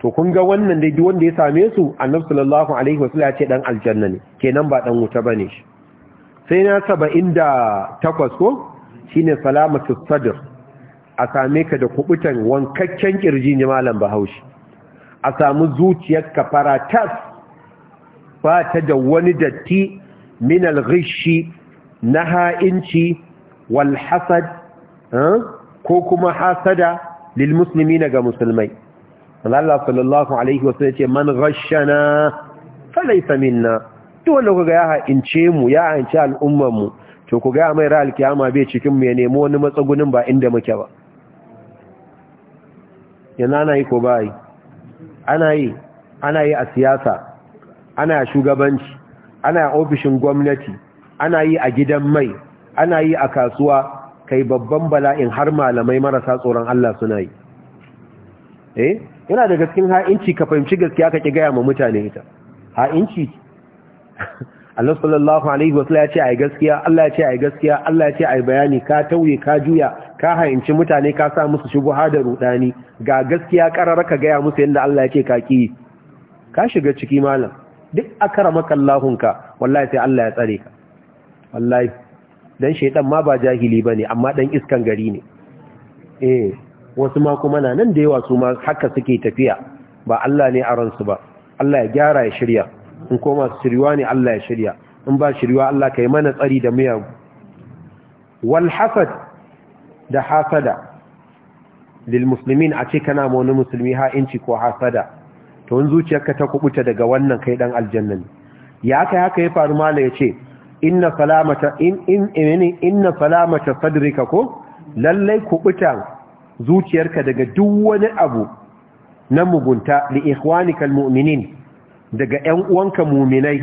to kun ga wannan dai duk wanda ya same su annabi sallallahu alaihi wasallam ya ce dan aljanna ne kenan ba dan wuta bane shi sai na 78 ko shine salamatu sadr a same ka da kubutan wankakken kirji ni malam bahaushe a samu zuciyar tas ba ta da wani datti min alghishi na ha'inci wal hasad ko kuma hasada lil muslimina ga musulmai Allah sallallahu alaihi sallam, ce man ghashana falaysa minna to wanda kuga ya ha'ince mu ya ha'ince al'ummar mu to kuga mai ra'al kiyama bai cikin mu ya nemo wani matsagunin ba inda muke ba yana na ko ba ana yi ana yi a siyasa ana shugabanci ana ofishin gwamnati ana yi a gidan mai ana yi a kasuwa kai babban bala'in har malamai marasa tsoron Allah suna yi eh yana da gaskin ha'inci ka fahimci gaskiya ka ki gaya ma mutane ita ha'inci Allah sallallahu alaihi wasallam ya ce ai gaskiya Allah ya ce ai gaskiya Allah ya ce ai bayani ka tauye ka juya ka hayinci mutane ka sa musu shubuha da rudani ga gaskiya kararaka ga ya musu yanda Allah ya ce ka ki ka shiga ciki malam duk akramaka Allahunka wallahi sai Allah ya tsare ka wallahi dan shaytan ma ba jahili bane amma dan iskan gari ne eh wasu ma kuma na nan da yawa su ma haka suke tafiya ba Allah ne a ransu ba Allah ya gyara ya shirya in ko masu shirwa ne Allah ya shirya in ba shirwa Allah ka yi mana tsari da miyagu walhasad da hasada lil a ce kana ma wani musulmi ha'inci ko hasada to in zuciyarka ta kubuta daga wannan kai dan aljanna ne ya kai haka ya faru mala ya ce inna salamata in in salamata sadrika ko lallai kubuta zuciyarka daga duk wani abu na mugunta li ikhwanikal mu'minin daga ‘yan uwanka muminai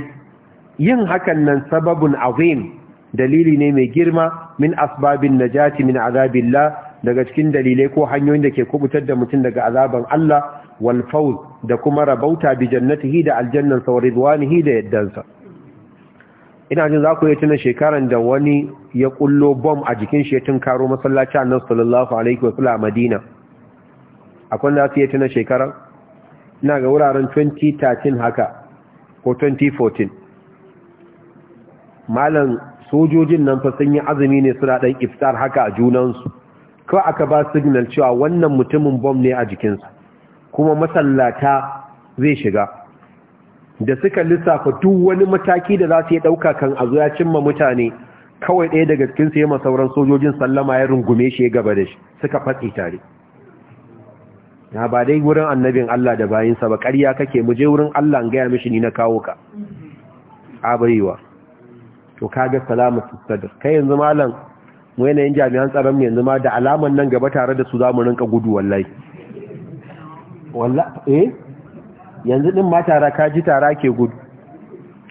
yin hakan nan sababin azim dalili ne mai girma min asbabin najati min azabillah daga cikin dalilai ko hanyoyin da ke kubutar da mutum daga azaban Allah wal fawz da kuma rabauta bi jannatihi da aljannan sa ridwanihi da yaddansa ina jin za ku yi tuna shekaran da wani ya kullo bom a jikin shi ya tunkaro masallaci annabi sallallahu alaihi wa sallam Madina akwai da su yi tuna shekaran ina ga wuraren 2013 haka ko 2014 malam sojojin nan fa sun yi azumi ne suna ɗan iftar haka a junansu ko aka ba signal cewa wannan mutumin bom ne a jikinsa kuma masallata zai shiga da suka lissafa duk wani mataki da za su yi ɗauka kan a ya cimma mutane kawai ɗaya daga cikinsu ya sauran sojojin sallama ya rungume shi ya gaba da shi suka fatsi tare na ba dai wurin annabin Allah da bayinsa ba ƙarya kake mu je wurin Allah gaya mishi ni na kawo ka abaiwa to kaga salamu sadr kai yanzu malam mu yanayin jami'an tsaron mu yanzu ma da alaman nan gaba tare da su za mu rinka gudu wallahi wallahi eh yanzu din ma tara ka ji tara ke gudu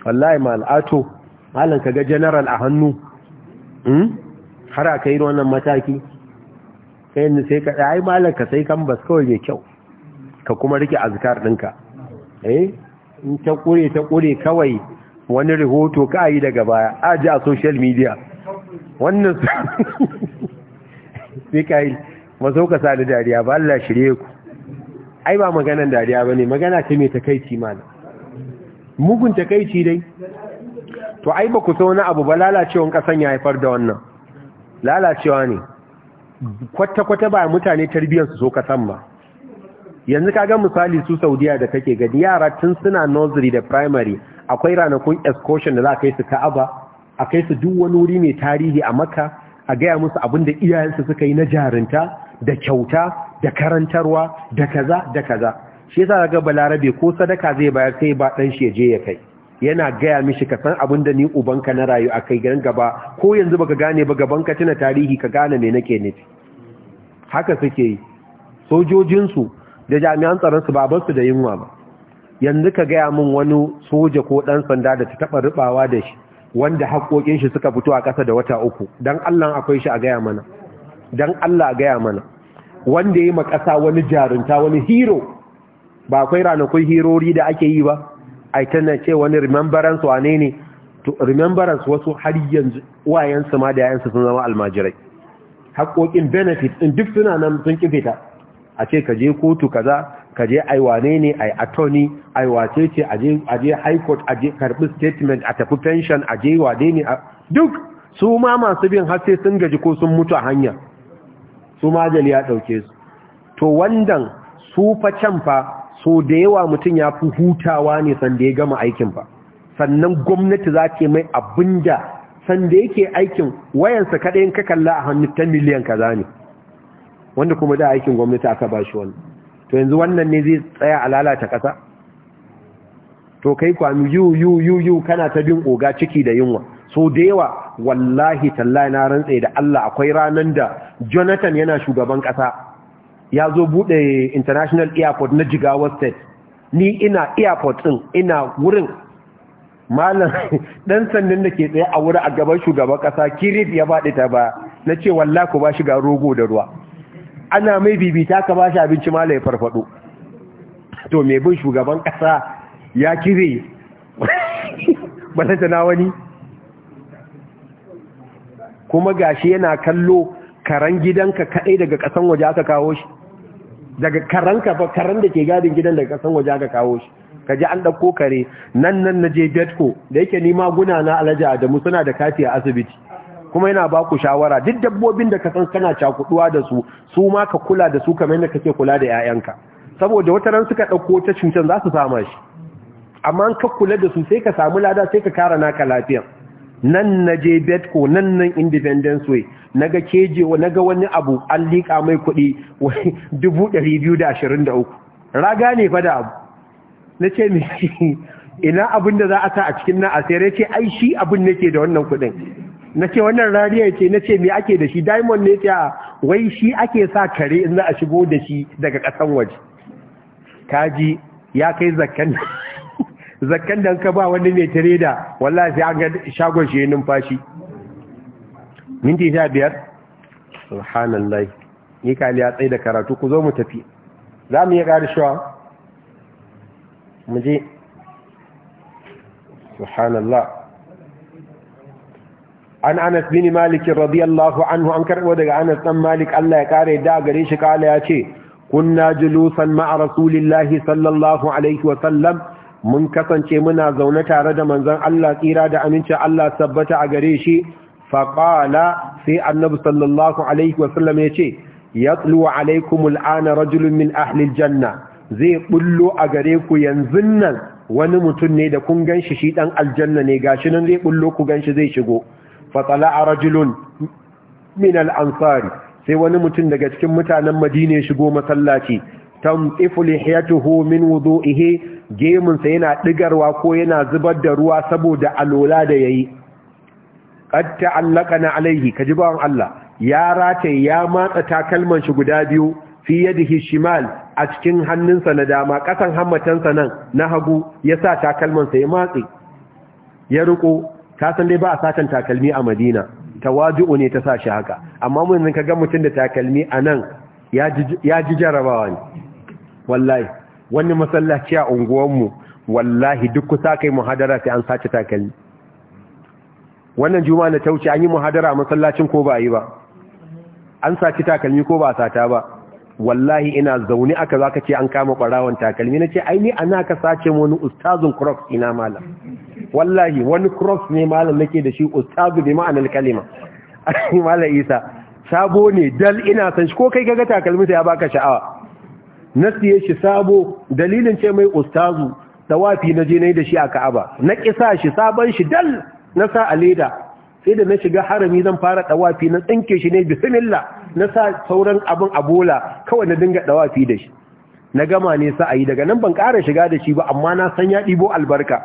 wallahi mal ato malam kaga general a hannu hmm har aka yi wannan mataki kayan da sai ka ai malam ka sai bas kawai mai kyau ka kuma rike azkar ɗinka eh in ta ƙure ta ƙure kawai wani rahoto ka yi daga baya a ji a social media wannan sai ka yi maso ka sa da dariya ba Allah shirye ku ai ba maganan dariya ba ne magana ce mai takaici mana mugun takaici dai to ai ba ku so wani abu ba lalacewan kasan ya haifar da wannan lalacewa ne kwata-kwata ba mutane tarbiyyarsu so ka san ba yanzu ka misali su saudiya da kake gani yara tun suna nursery da primary akwai ranakun excursion da za a kai su ka'aba a kai su duk wani wuri mai tarihi a makka a gaya musu abin da iyayensu suka yi na jarinta da kyauta da karantarwa da kaza da kaza shi yasa ga balarabe ko sadaka zai bayar sai ba dan shi ya je ya kai yana gaya mishi ka san abin da ni ubanka na rayu a kai gaba ko yanzu baka gane ba gaban ka tuna tarihi ka gane me nake nufi haka suke yi sojojinsu da jami'an tsaron su baban su da yunwa ba yanzu ka gaya min wani soja ko ɗan sanda da ta taɓa rubawa da shi wanda haƙoƙin shi suka fito a ƙasa da wata uku dan Allah akwai shi a gaya mana dan Allah a gaya mana wanda yayi ma ƙasa wani jarunta wani hero ba akwai ranakun hirori da ake yi ba ai tana ce wani remembrance wane ne to remembrance wasu har yanzu wayansu ma da yayansu sun zama almajirai haƙoƙin benefit in duk suna nan sun kifita a ce ka je kotu kaza ka je ai wane ne ai attorney ai wace ce a je high court a je karbi statement a tafi pension a je wade ne duk su ma masu bin har sai sun gaji ko sun mutu a hanya su ma jali ya dauke su to wandan su fa can fa so da yawa mutum ya fi hutawa ne sanda ya gama aikin ba sannan gwamnati za ta mai abin da sanda yake aikin wayansa kaɗai in ka kalla a hannu ta miliyan kaza ne wanda kuma da aikin gwamnati aka ba shi wani to yanzu wannan ne zai tsaya a lalata ƙasa to kai kwami yu yu yu yu kana ta bin oga ciki da yunwa so da yawa wallahi tallahi na rantse da Allah akwai ranar da Jonathan yana shugaban ƙasa ya zo bude international airport na jigawa state ni ina airport din ina wurin malam dan sandan da ke tsaye a wurin a gaban shugaban kasa kirif ya faɗi ta ba na ce walla ku ba shi ga rogo da ruwa ana mai bibita ka ba shi abinci malam ya farfado to mai bin shugaban kasa ya kire balanta na wani kuma gashi yana kallo karan gidanka kaɗai daga kasan waje aka kawo shi daga karan ba karan da ke gadin gidan da kasan waje aka kawo shi ka ji an ɗauko kare nan nan na je detco da yake nima guna na alhaji adamu suna da kati a asibiti kuma yana ba ku shawara duk dabbobin da ka san kana cakuduwa da su su ma ka kula da su kamar yadda kake kula da 'ya'yanka saboda wata ran suka ɗauko ta cutar za su sama shi amma in ka kula da su sai ka samu lada sai ka kara naka lafiya nan na je betco nan nan independence way na ga keje na ga wani abu an liƙa mai kuɗi dubu ɗari biyu da ashirin da uku raga ne fa da abu na ce mai ina abin da za a sa a cikin na asirai ce ai shi abin ke da wannan kuɗin na ce wannan rariya ce na ce mai ake da shi diamond ne ta? wai shi ake sa kare in za a shigo da shi daga ƙasan waje kaji ya kai zakkan zakkan da ka ba wani mai da wallahi sai an ga shagon shi numfashi minti sha biyar subhanallah ni ka liya tsaye da karatu ku zo mu tafi za mu yi ƙarshewa mu je subhanallah an anas bin malik radiyallahu anhu an karɓo daga anas dan malik Allah ya kare da gare shi kala ya ce kunna julusan ma'a rasulillahi sallallahu alaihi wa sallam mun kasance muna zaune tare da manzon Allah tsira da aminci Allah sabbata a gare shi qala sai annabi sallallahu alaihi wasallam ya ce alaikum tsulo rajulun min ahlil janna zai bullo a gare ku yanzu nan wani mutum ne da kun ganshi shi ɗan aljanna ne gashi nan zai bullo ku ganshi zai shigo fatsala a rajulun min Ansari sai wani mutum daga cikin mutanen madina ya shigo masallaci tamtifu lihiyatuhu min wudu'ihi gemunsa yana digarwa ko yana zubar da ruwa saboda alola da yayi qad ta'allaqana alayhi kaji bawan Allah ya rataye ya matsa takalman shi guda biyu fi yadihi shimal a cikin hannunsa na dama kasan hammatansa nan na hagu ya sa takalmansa ya matse ya riko kasan dai ba a satan takalmi a Madina tawadu'u ne ta sa shi haka amma mun ka ga mutun da takalmi a nan ya ji jarabawa ne wallahi wani masallaci a unguwanmu wallahi duk kusa kai muhadara sai an sace takalmi wannan juma'a na wuce an yi muhadara a masallacin ko ba a yi ba an sace takalmi ko ba a sata ba wallahi ina zaune aka za ka ce an kama ɓarawan takalmi na ce aini ana ka sace wani ustazun crocs ina malam wallahi wani crocs ne malam nake da shi ustazu bi ma'anar kalima malam isa sabo ne dal ina san shi ko kai kaga sai ya baka sha'awa na siya shi sabo dalilin ce mai ustazu tawafi na je na da shi a ka'aba na kisa shi sabon shi dal na sa a leda sai da na shiga harami zan fara tawafi na tsinke shi ne bismillah na sa sauran abun a bola kawai na dinga tawafi da shi na gama ne sa ayi daga nan ban ƙara shiga da shi ba amma na san ya dibo albarka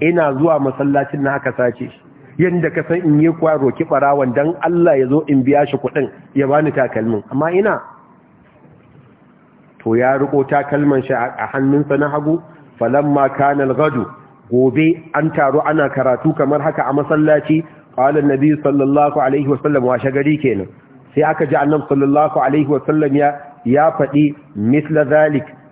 ina zuwa masallacin na aka sace shi yadda ka san in yi kwa roki barawan dan Allah ya zo in biya shi kuɗin ya bani takalmin amma ina to ya riko takalman shi a hannunsa na hagu falamma kana gado gobe an taro ana karatu kamar haka a masallaci qala an-nabi sallallahu alaihi wasallam wa shagari kenan sai aka ji annab sallallahu alaihi wasallam ya ya faɗi misla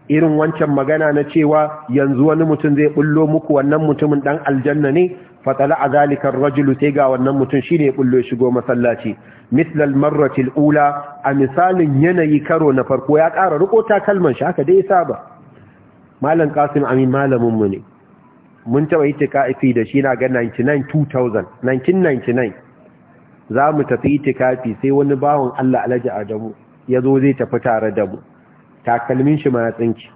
irin wancan magana na cewa yanzu wani mutum zai bullo muku wannan mutumin dan aljanna ne fatala a zalikar rajulu sai ga wannan mutum shi ne bullo shigo masallaci mislal marratil ula a misalin yanayi karo na farko ya ƙara riko takalman shi haka dai saba malam kasim amin malaminmu ne mun taɓa yi tikafi da shi na ga 99 1999 za mu tafi tikafi, sai wani bawan allah alhaji adamu ya zo zai tafi tare da mu takalmin shi ma ya tsinki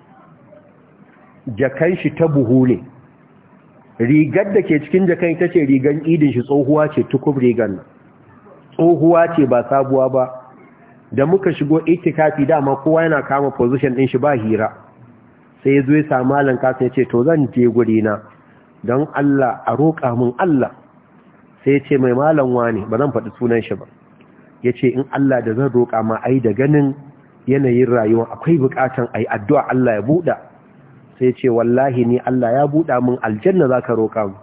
jakan shi ta buhu ne rigar da ke cikin jakan ita ce rigar idin shi tsohuwa ce tukub rigar nan tsohuwa ce ba sabuwa ba da muka shigo itikafi dama kowa yana kama position din shi ba hira sai ya zo ya samu malan kasa ya ce to zan je guri na don Allah a roƙa min Allah sai ya ce mai malamwa wane ba zan faɗi sunan shi ba ya ce in Allah da zan roƙa ma ai da ganin yanayin rayuwa akwai bukatan ai addu'a Allah ya buɗa sai ce wallahi ni Allah ya buɗa min aljanna zaka roƙa mu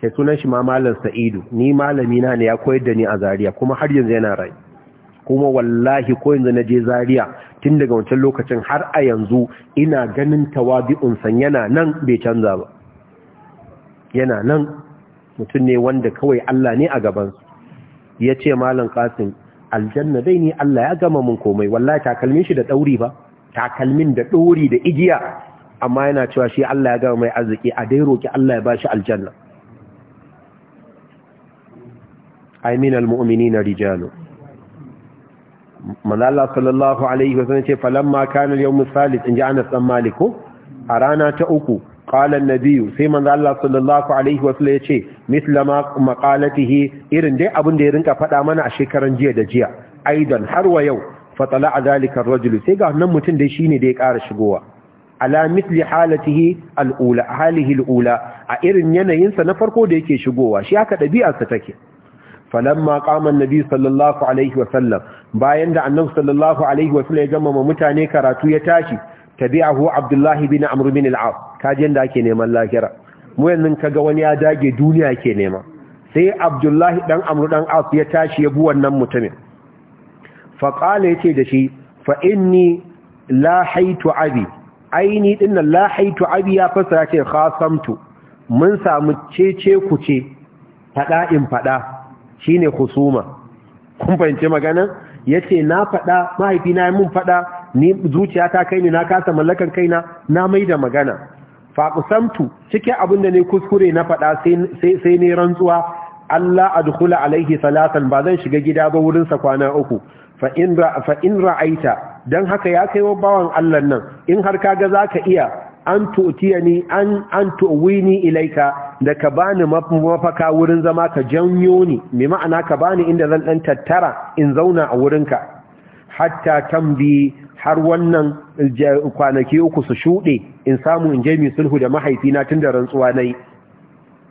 kai sunan shi ma malam Sa'idu ni malami na ne ya koyar da ni a Zaria kuma har yanzu yana rai kuma wallahi ko yanzu na je Zariya tun daga wancan lokacin har a yanzu ina ganin tawabi'un san yana nan bai canza ba yana nan mutum ne wanda kawai Allah ne a gabansu ya ce malam kasim aljanna dai ni Allah ya gama mun komai wallahi takalmin shi da dauri ba takalmin da dauri da igiya amma yana cewa shi Allah ya gama mai arziki a dai roki Allah ya bashi aljanna ay min almu'minina rijalu manzo Allah sallallahu alaihi wasallam ce falamma kana al-yawm al-thalith inja Anas dan Malik a rana ta uku qala an-nabiy sai manzo Allah sallallahu alaihi wasallam ya ce misla maqalatihi irin dai abin da ya rinka faɗa mana a shekaran jiya da jiya aidan har wa yau fatala a zalikar rajulu sai ga nan mutum dai shine da ya ƙara shigowa ala misli halatihi al'ula halihi al'ula a irin yanayinsa na farko da yake shigowa shi haka ɗabi'arsa take falamma qama annabi sallallahu alaihi wa bayan da annabi sallallahu alaihi wa ya gama mutane karatu ya tashi tabi'ahu abdullahi bin amr bin al-as kaje da ake neman lahira mu kaga wani ya dage duniya ke nema sai abdullahi dan amru dan as ya tashi ya bu wannan mutumin fa qala yace da shi fa inni la haitu abi aini din la haitu abi ya fasara ce khasamtu mun samu cece kuce fada in fada shine husuma kun fahimce magana yace na fada mahaifina ya mun fada ni zuciyata kai ni na kasa mallakan kaina na maida magana faƙusamtu cikin abin da ne kuskure na faɗa sai ne rantsuwa Allah a dukula alaihi salatan ba zan shiga gida ba wurinsa kwana uku fain in ra'aita dan haka ya kai wa bawan Allah nan in har kaga zaka iya an ni an tuwi ni ilaika da ka bani mafaka wurin zama ka janyo ni mai ma'ana ka bani inda zan ɗan tattara in zauna a wurinka hatta tambi har wannan kwanaki uku su shuɗe in samu in je sulhu da mahaifina tun da rantsuwa na yi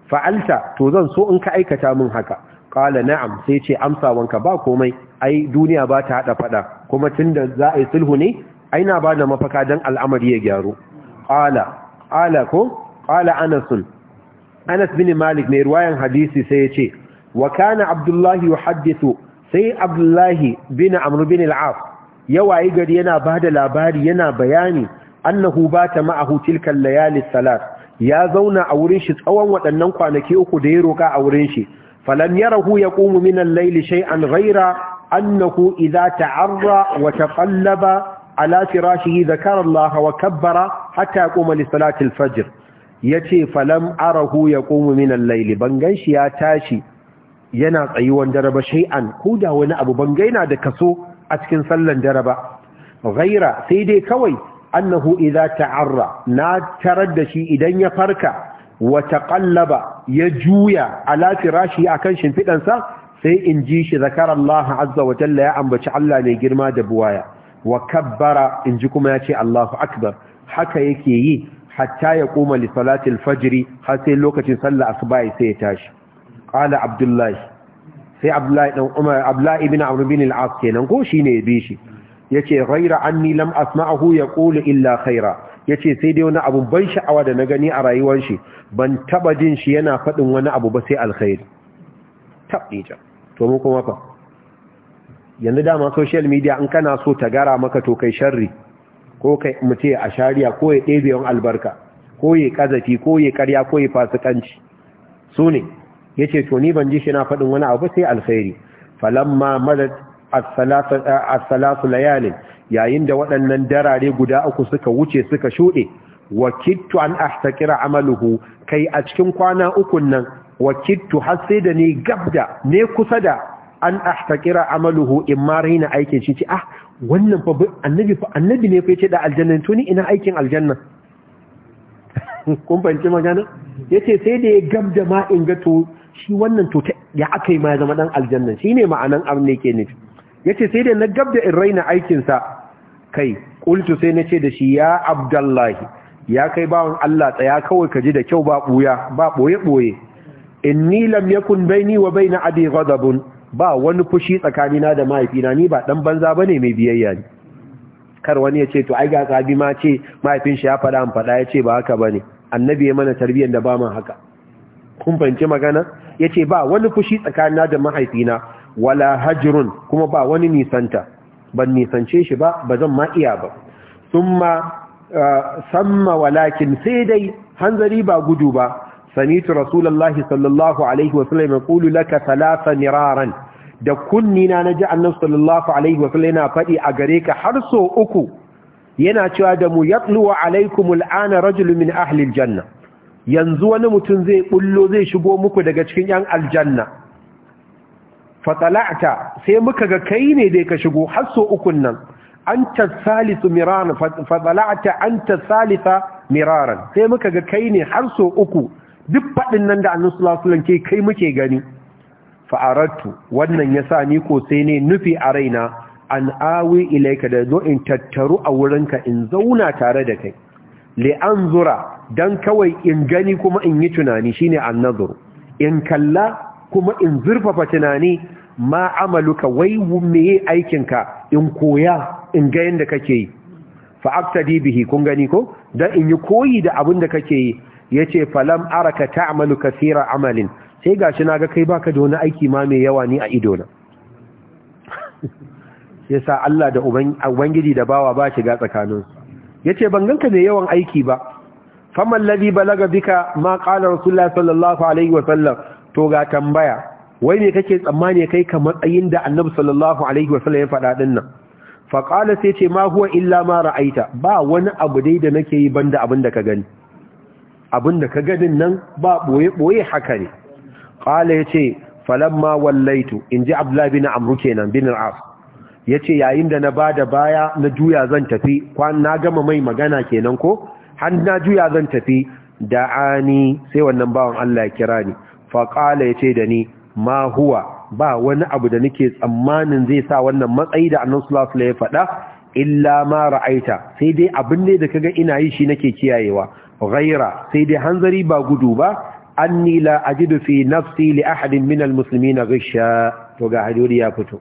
fa'alta to zan so in ka aikata min haka ƙala na'am sai ce amsawanka ba komai ai duniya ba ta haɗa faɗa kuma tun da za a yi sulhu ne aina ba da mafaka don al'amari ya gyaru ƙala ƙala ko ƙala anasun anas bin malik mai ruwayan hadisi sai ya ce wa kana abdullahi wa haddisu sai abdullahi bin amru bin al'af ya gari yana ba da labari yana bayani annahu ba ta ma'ahu tilkan layali salat ya zauna a wurin shi tsawon waɗannan kwanaki uku da ya roƙa a wurin shi falam yarahu rahu min al-layli shay'an raira annahu idza ta'arra wa taqallaba ala firashihi dhakara Allah wa kabbara hatta yaquma li salati al-fajr yace falam arahu yaqumu min al-layli ban ganshi ya tashi yana tsayuwan daraba shai'an. shay'an da wani abu ban gaina da kaso a cikin sallan dare ba ghaira sai dai kawai annahu idza ta'arra na tarar da shi idan ya farka wa taqallaba ya juya ala firashi akan shimfidan sa sai in ji shi zakara Allah azza wa jalla ya ambaci Allah mai girma da buwaya wa kabbara in ji kuma ya ce Allahu akbar haka yake yi hatta ya koma li salatil fajr har sai lokacin sallar asuba sai ya tashi qala abdullahi sai abdullahi dan umar abdullahi ibn amr bin al kenan ko shine ya bi shi yace ghaira anni lam asma'ahu yaqulu illa khaira yace sai dai wani abu ban sha'awa da na gani a rayuwar shi ban taba jin shi yana faɗin wani abu ba sai alkhairi tabbija to mu kuma fa yanzu dama social media in kana so ta gara maka to kai sharri ko kai mutai a shariya ko ya ɗebe albarka ko ya kazafi ko ya ƙarya, ko ya fasikanci su ne yace to ni ban ji shi na faɗin wani abu sai alkhairi falamma madat as-salatu eh, layalin yayin da waɗannan darare guda uku suka wuce suka shuɗe wakittu an ahtakira amaluhu kai a cikin kwana uku nan wakittu har sai da ni gabda ne kusa da an ahtakira amaluhu in ma raina aikin shi ce ah wannan fa annabi fa annabi ne fa yace da aljanna to ni ina aikin aljanna kun fahimci magana yace sai da ya gabda ma in ga to shi wannan to ya aka yi ma zama dan aljanna shi ne ma'anan abin da yake nufi ya ce sai da na gab da in raina aikinsa kai ƙultu sai na ce da shi ya abdallahi ya kai bawan Allah tsaya kawai ka ji da kyau ba ɓuya ba ɓoye-ɓoye in ni lam yakun baini wa baina abi ghadabun ba wani fushi na da mahaifina ni ba dan banza bane mai biyayya ne kar wani ya ce to ai ga tsabi ma ce mahaifin shi ya fada an faɗa ya ce ba haka bane annabi ya mana tarbiyyar da ba man haka kun fahimci magana Ya ce, ba wani fushi tsakanina da mahaifina wala Hajarun kuma ba wani nisanta ban nisance shi ba bazan ma iya ba summa uh, samma walakin sai dai hanzari ba gudu ba samitu Rasulallah sallallahu alaihi wa sallam yaqulu laka thalatha miraran da kunnina ji annabi sallallahu alaihi wa sallam yana faɗi a gare ka har so uku yana cewa da mu yatlu alaikumul al'ana rajulun min ahli aljanna yanzu wani mutum zai bullo zai shigo muku daga cikin yan aljanna fatala'ta sai muka ga kai ne dai ka shigo har so ukun nan anta salisu miraran fatala'ta anta salisa miraran sai muka ga kai ne har so uku duk faɗin nan da annabi sallallahu alaihi kai muke gani fa'arattu wannan yasa ni ko sai ne nufi a raina an awi ilaika da zo in tattaru a wurinka in zauna tare da kai li'anzura dan kawai in gani kuma in yi tunani shine annazuru in kalla kuma in zurfafa tunani ma amaluka wai meye aikinka in koya in ga yanda kake yi fa aqtadi bihi kun gani ko dan in yi koyi da abin da kake yi yace falam araka ta'malu kaseera amalin sai gashi naga kai baka da wani aiki ma mai yawa ni a ido na yasa Allah da ubangiji da bawa ba shiga tsakaninsu Ya ce ban ganka da yawan aiki ba faman labi balaga bika ma kala rasulullah sallallahu alaihi to ga tambaya wai ne kake tsammani kai ka matsayin da annabi sallallahu alaihi ya faɗa din nan fa sai ce ma huwa illa ma ra'aita ba wani abu dai da nake yi banda abin da ka gani abin da ka gani nan ba boye boye haka ne qala yace falamma wallaitu inji Abdullahi bin amru kenan bin al ya ce yayin da na ba da baya na juya zan tafi kwan na gama mai magana kenan ko har na juya zan tafi da ani sai wannan bawan Allah ya kira ni faƙala ya ce da ni ma huwa ba wani abu da nake tsammanin zai sa wannan matsayi da annan ya faɗa illa ma ra'aita sai dai abin ne da kaga ina yi shi nake kiyayewa ghaira sai dai hanzari ba gudu ba anni la ajidu fi nafsi li ahadin min almuslimina ghisha to ga haduri ya fito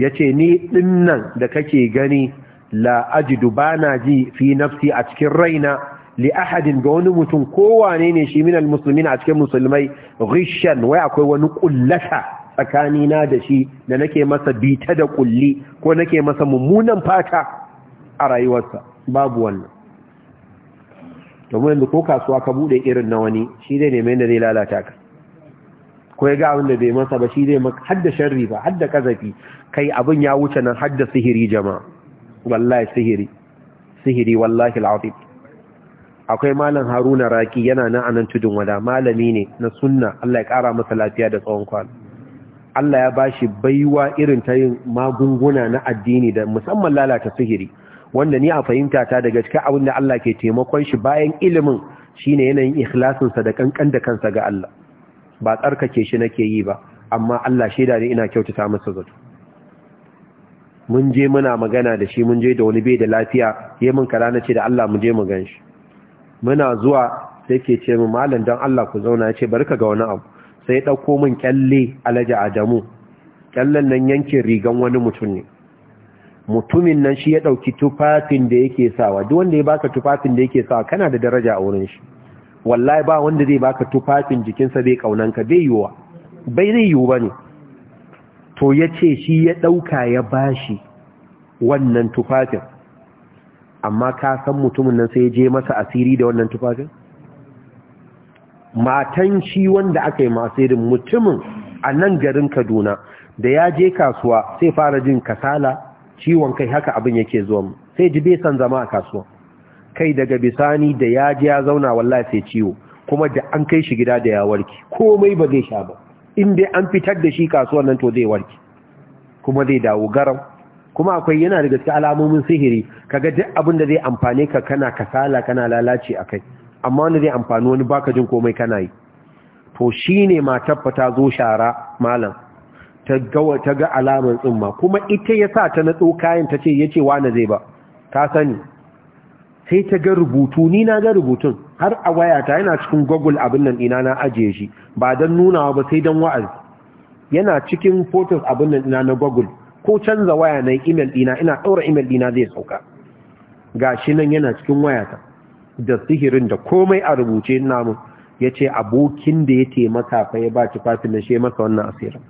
ya ce ni ɗinnan da kake gani la ajidu ba na ji fi nafsi a cikin raina li ahadin ga wani mutum kowane ne shi minal musulmin a cikin musulmai rishan wai akwai wani kullata tsakanina da shi da nake masa bita da kulli ko nake masa mummunan fata a rayuwarsa babu wannan domin yanzu ko kasuwa ka bude irin na wani shi dai neman da zai lalata ka akwai ga abin da bai masa ba shi zai maka hadda sharri ba hadda kazafi kai abin ya wuce nan hadda sihiri jama'a wallahi sihiri sihiri wallahi alazim akwai malam Haruna Raki yana nan anan tudun wada malami ne na sunna Allah ya kara masa lafiya da tsawon kwana Allah ya bashi baiwa irin ta yin magunguna na addini da musamman lalata sihiri wanda ni a fahimta ta daga cikin abin da Allah ke taimakon shi bayan ilimin shine yanayin ikhlasinsa da kankan da kansa ga Allah ba tsarkake shi nake yi ba amma Allah shaida ne ina kyautata masa zato mun je muna magana da shi mun je da wani bai da lafiya yayin mun kara nace da Allah mu je mu ganshi muna zuwa sai ke ce mu malam dan Allah ku zauna ya ce barka ga wani abu sai ya dauko min kyalle alaja adamu kyallen nan yankin rigan wani mutum ne mutumin nan shi ya dauki tufafin da yake sawa duk wanda ya baka tufafin da yake sawa kana da daraja a wurin shi wallahi ba wanda zai baka tufafin jikinsa bai kaunanka bai yiwuwa bai zai yiwu ba ne to ya ce shi ya ɗauka ya bashi wannan tufafin amma ka san mutumin nan sai ya je masa asiri da wannan tufafin matan shi wanda aka yi masirin mutumin a nan garin kaduna da ya je kasuwa sai fara jin kasala ciwon kai haka abin yake zuwa sai ji bai san zama a kasuwa kai daga bisani da ya ji ya zauna wallahi sai ciwo kuma da an kai shi gida da ya warke komai ba zai sha ba in dai an fitar da shi kasuwar nan to zai warke kuma zai dawo garam kuma akwai yana da gaske alamomin sihiri kaga duk abin da zai amfane ka kana kasala kana lalace a kai. amma wanda zai amfani wani baka jin komai kana yi to shine ne ma ta zo shara malam ta ga alamar tsumma kuma ita yasa ta natso kayan ta ce yace wani zai ba ka sani sai ta ga rubutu ni na ga rubutun har a wayata yana cikin google abin nan ina na ajiye shi ba don nunawa ba sai don wa'azi yana cikin photos abin nan ina na google ko canza waya na email dina ina ɗaura email dina zai sauka gashi nan yana cikin wayata da sihirin da komai a rubuce ina ya ce abokin da ya taimaka fa ya ba tufafin na shi masa wannan asirin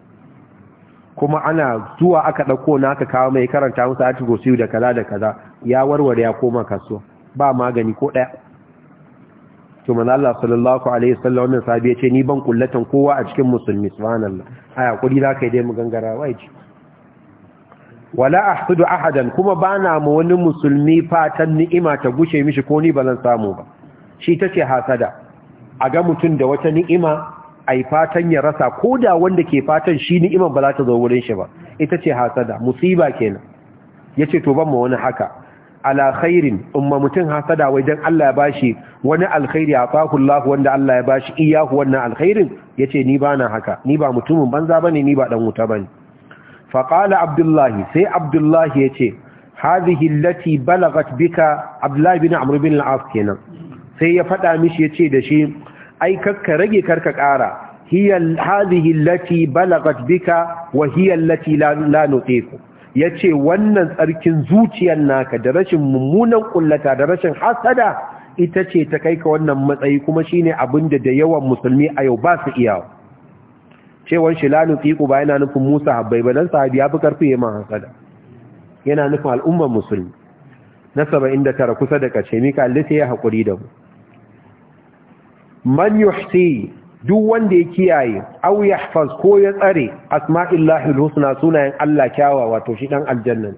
kuma ana zuwa aka ɗauko naka aka kawo mai karanta musu article siyu da kaza da kaza ya warware ya koma kasuwa ba magani ko ɗaya to manzo Allah sallallahu alaihi wasallam wannan sahabi ya ce ni ban kullatan kowa a cikin musulmi subhanallah aya kudi za ka dai mu gangara wai wala ahsudu ahadan kuma bana ma wani musulmi fatan ni'ima ta gushe mishi ko ni bazan samu ba shi tace hasada a ga mutum da wata ni'ima ai fatan ya rasa ko da wanda ke fatan shi ni'imar ba za ta zo wurin shi ba ita ce hasada musiba kenan yace to ban mu wani haka ala umma mutum hasada wai dan Allah ya bashi wani alkhairi a Allah wanda Allah ya bashi iyahu wannan alkhairin yace ni bana haka ni ba mutumin banza bane ni ba dan wuta bane fa qala abdullahi sai abdullahi yace hadhihi allati balagat bika abdullahi bin amr bin al-as kenan sai ya fada mishi yace da shi ai kakka rage karka kara hiya hadhihi allati balagat bika wa hiya allati la nutiku ya ce wannan tsarkin zuciyar naka da rashin mummunan kullata da rashin hasada ita ce ta kai ka wannan matsayi kuma shine abin da da yawan musulmi a yau ba su iya cewan shi lanu fiƙo ba yana nufin musa habbai ba sahabi ya fi karfi ya man hasada yana nufin al'ummar musulmi na saba'in da tara kusa da ƙarshe mika lissa ya haƙuri da mu man yuhsi duk wanda ya kiyaye aw yahfaz ko ya tsare asma'illahi husna sunayen Allah kyawa wato shi dan aljanna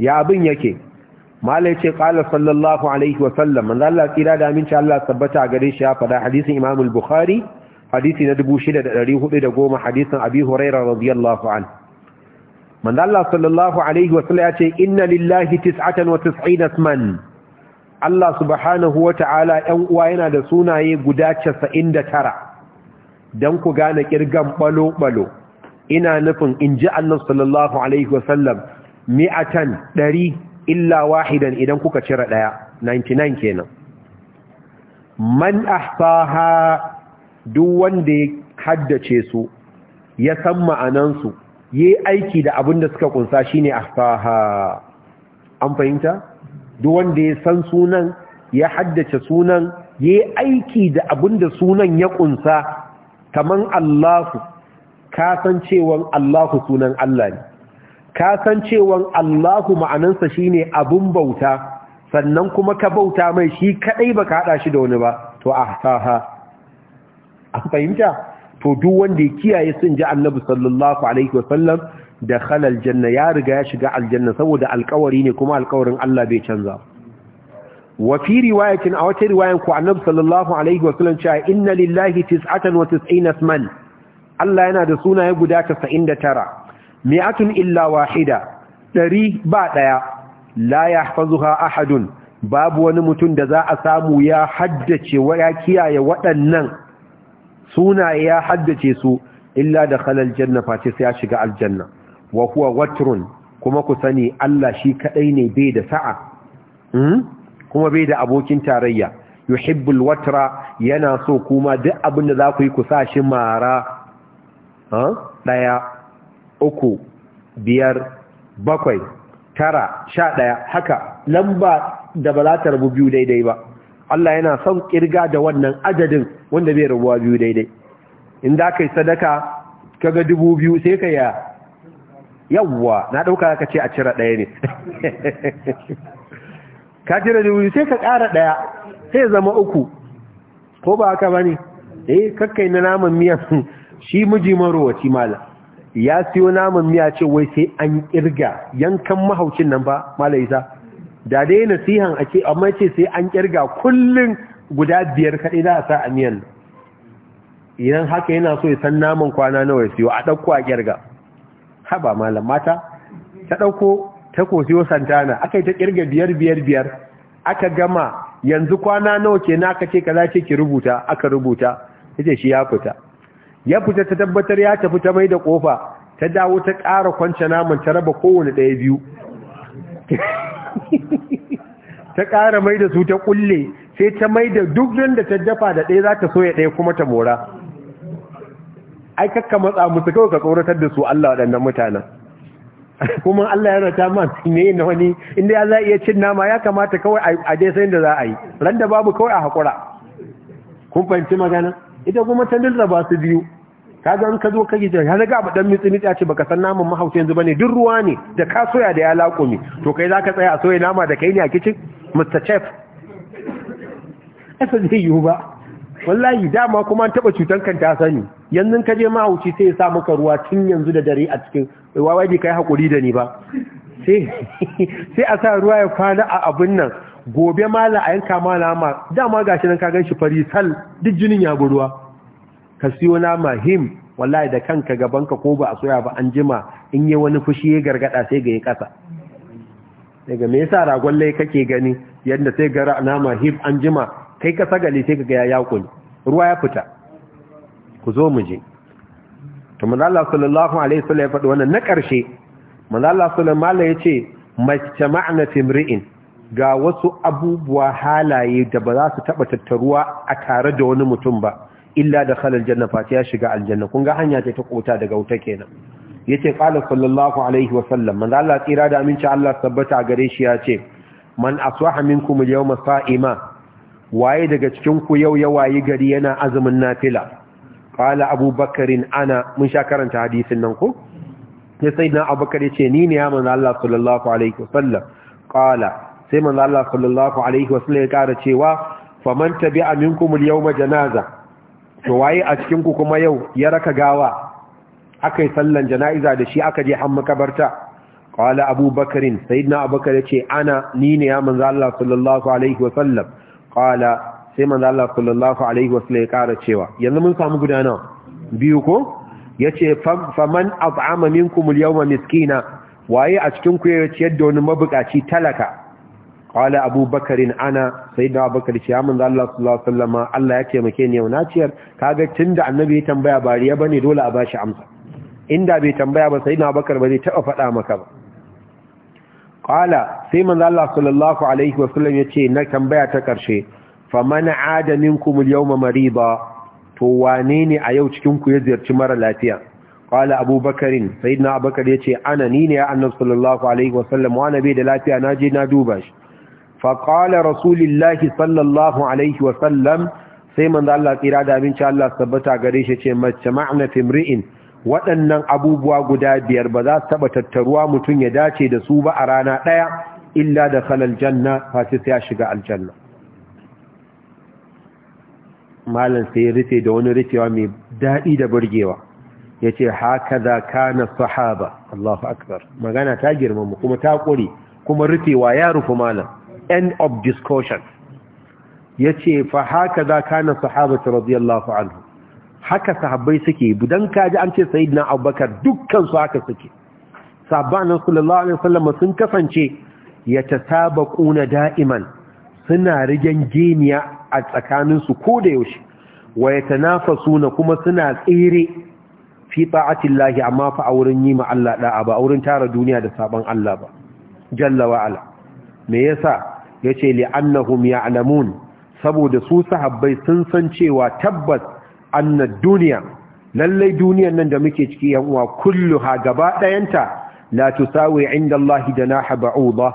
ya abin yake malai ce qala sallallahu alaihi wa sallam manzo Allah tsira da aminci Allah tabbata gare shi ya fada hadisin Imam al-Bukhari hadisi na 6410 hadisin Abi Hurairah radiyallahu anhu manzo Allah sallallahu alaihi wa sallam ya ce inna lillahi 99 asman Allah subhanahu wa ta'ala ‘yan uwa yana da sunaye guda casa'in da tara don ku gane ƙirgan ɓalo-ɓalo, ina nufin in ji Allah sallallahu Alaihi wasallam mi'atan ɗari illa wahidan idan kuka cire ɗaya, 99 kenan. Man ahsaha duk wanda ya haddace su, ya san ma'anansu, yi aiki da abin da suka kunsa shine ahsaha. An fahimta? duk wanda ya san sunan ya haddace sunan ya aiki da abin da sunan ya kunsa kaman Allahu kasancewan Allahu sunan Allah ne kasancewan Allahu ma'anansa shi ne abin bauta sannan kuma ka bauta mai shi kadai ka haɗa shi da wani ba to ha a fahimta to duk wanda ya kiyaye sun ji Annabi sallallahu alaihi wasallam da khalal janna ya riga ya shiga aljanna saboda alkawari ne kuma alkawarin Allah bai canza wa fi riwayatin a wata riwayan ku annabi sallallahu alaihi wa sallam cewa inna lillahi 99 asman Allah yana da sunaye guda 99 mi'atun illa wahida ɗari ba daya la yahfazuha ahadun babu wani mutum da za a samu ya haddace wa ya kiyaye waɗannan sunaye ya haddace su illa da khalal janna face sai ya shiga aljanna wa huwa watrun kuma ku sani Allah shi kadai ne bai da sa'a hmm? kuma bai da abokin tarayya yuhibbul watra yana so kuma duk abin da za ku yi ku sa shi mara ɗaya uku biyar bakwai tara sha ɗaya haka lamba da ba za ta rabu biyu daidai ba Allah yana son ƙirga da wannan adadin wanda bai rabuwa biyu daidai in da ka sadaka kaga dubu biyu sai ka ya yawwa na ɗauka ka ce a cire ɗaya ne ka da wuri sai ka kara ɗaya sai zama uku ko ba haka ba ne eh kakkai na naman miya shi miji marowaci mala ya siyo naman miya ce wai sai an kirga yankan mahaucin nan ba mala isa da dai nasihan ake amma ce sai an kirga kullum guda biyar kaɗai za a sa a miyan idan haka yana so ya san naman kwana nawa ya siyo a ɗauko a kirga haba malam mata ta ɗauko ta kosiyo santana aka yi ta kirga biyar biyar biyar aka gama yanzu kwana nawa ke na aka ce ka za ce ki rubuta aka rubuta ta ce shi ya fita ya fita ta tabbatar ya tafi ta mai da ƙofa ta dawo ta ƙara kwance naman ta raba kowane ɗaya biyu ta ƙara mai da su ta ƙulle sai ta mai da duk da ta dafa da ɗaya za ta soya ɗaya kuma ta mora ai kakka matsa musu kawai ka tsoratar da su Allah waɗannan mutanen kuma Allah yana ta ma ne na wani inda ya za iya cin nama ya kamata kawai a dai sai da za a yi ran da babu kawai a haƙura kun fahimci magana ita kuma ta nilza ba su biyu ka ga ka zo ka gida ya ga ba dan mitsi mitsi a ce baka san naman mahaushe yanzu bane duk ruwa ne da ka soya da ya laƙumi to kai za ka tsaya a soya nama da kai ne a kicin Mr. Chef. Asa zai yiwu ba. wallahi dama kuma an taba cutan kan ta sani yanzu ka je mahauci sai ya sa maka ruwa tun yanzu da dare a cikin wawai bai kai hakuri da ni ba sai a sa ruwa ya kwana a abin nan gobe mala a yanka ma nama dama gashi nan ka gan shi fari sal duk jinin ya bi ruwa ka siyo nama him wallahi da kanka gaban ka ko ba a soya ba an jima in yi wani fushi ya gargada sai ga ya kasa daga me yasa ragon lai kake gani yadda sai ga nama mahim an jima kai ka sagale sai ka ga ya yakuli ruwa ya fita ku zo mu je to manzo Allah sallallahu alaihi wasallam ya faɗi wannan na ƙarshe manzo Allah sallallahu alaihi ya ce majtama'na timri'in ga wasu abubuwa halaye da ba za su taba tattaruwa a tare da wani mutum ba illa da khalal janna fa ya shiga aljanna kun ga hanya ce ta kota daga wuta kenan yace qala sallallahu alaihi wa sallam man Allah tsira da aminci Allah tabbata gare shi yace man aswaha minkum al-yawma sa'ima waye daga cikin ku yau ya wayi gari yana azumin nafila qala abubakarin ana mun sha karanta hadisin nan ko sai sayyidina abubakar yace ni ne ya manzo Allah sallallahu alaihi wasallam qala sai manzo Allah sallallahu alaihi wasallam ya kara cewa faman tabi'a minkum al-yawma janaza to waye a cikin ku kuma yau ya raka gawa akai sallan jana'iza da shi aka je hamma kabarta qala abubakarin sayyidina abubakar yace ana ni ne ya manzo Allah sallallahu alaihi wasallam qala sai manzo Allah sallallahu alaihi wasallam ya kara cewa yanzu mun samu guda nawa biyu ko yace faman at'ama minkum al-yawma miskina waye a cikin ku ya yadda wani mabukaci talaka qala abubakarin ana sayyidina abubakar ce ya manzo Allah sallallahu alaihi wasallama Allah ya taimake ni yau na ciyar kaga tunda annabi ya tambaya bariya bane dole a bashi amsa inda bai tambaya ba sayyidina abubakar ba zai taba faɗa maka ba qala sai manzo Allah sallallahu alaihi wasallam yace na tambaya ta karshe faman aada minkum al-yawma marida to wane ne a yau cikin ku ya ziyarci mara lafiya qala abubakar sayyidina abubakar yace ana ni ne ya annabi sallallahu alaihi wa wasallam wa nabi da lafiya naje na duba shi fa qala rasulullahi sallallahu alaihi wa wasallam sai manzo Allah tsira da abinci Allah tabbata gare shi ce mace ma'na timri'in waɗannan abubuwa guda biyar ba za su taɓa tattaruwa mutum ya dace da su ba a rana ɗaya illa da kalal janna fasi sai ya shiga aljanna malam sai rufe da wani rufewa mai daɗi da burgewa ya ce haka za ka na sahaba Allahu akbar magana ta girmama kuma ta ƙuri kuma rufewa ya rufe malam end of discussion ya ce fa haka za ka na kana sahabata radiyallahu anhu haka sahabbai suke budan kaji an ce na abubakar dukkan su haka suke sahabbanin sallallahu alaihi wasallam sun kasance kuna da'iman suna rigen geniya a tsakaninsu ko da yaushe wa yatanafasuna kuma suna tsere fi ta'atillahi amma fa a wurin yi ma Allah da'a ba a wurin tara duniya da saban Allah ba jalla wa ala me yasa yace li'annahum ya'lamun saboda su sahabbai sun san cewa tabbas anna duniya lallai duniyan nan da muke ciki yan uwa kulluha gaba dayanta la tusawi inda Allah Uba ba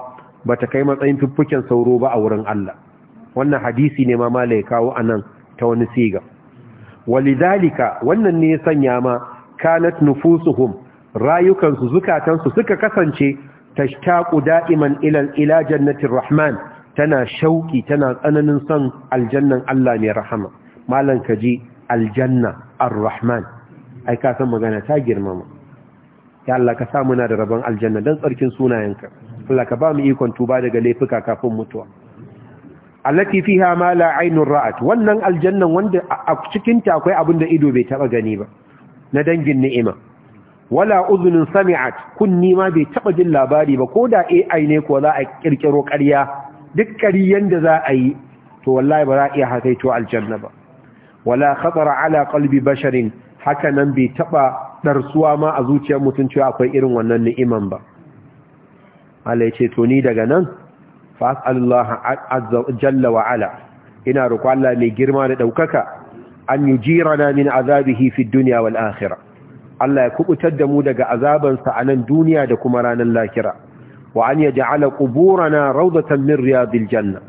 bata kai matsayin fuffuken sauro ba a wurin Allah wannan hadisi ne ma malai kawo anan ta wani siga walidhalika wannan ne ya sanya ma kanat nufusuhum rayukansu zukatansu suka kasance tashtaqu da'iman ila ila jannatir rahman tana shauki tana tsananin son aljannan Allah ne rahama malan kaji aljanna ar-rahman ai ka san magana ta girmama ya Allah ka sa muna da rabon aljanna dan tsarkin sunayenka Allah ka ba mu ikon tuba daga laifuka kafin mutuwa allati fiha ma la ra'at wannan aljannan wanda a cikin ta akwai abin da ido bai taba gani ba na dangin ni'ima wala uzunin sami'at kunni ma bai taba jin labari ba ko da AI ne ko za a kirkiro ƙarya duk ƙaryan da za a yi to wallahi ba za a iya hakaito aljanna ba wala khatara ala qalbi basharin haka nan bai taɓa ɗarsuwa ma a zuciyar mutum akwai irin wannan ni'iman ba Allah ya to ni daga nan fas'alullaha azza jalla wa ala ina roƙo Allah mai girma da daukaka an yujirana min azabihi fid dunya wal akhirah Allah ya kubutar da mu daga azabansa a nan duniya da kuma ranar lahira wa an yaj'ala quburana rawdatan min riyadil janna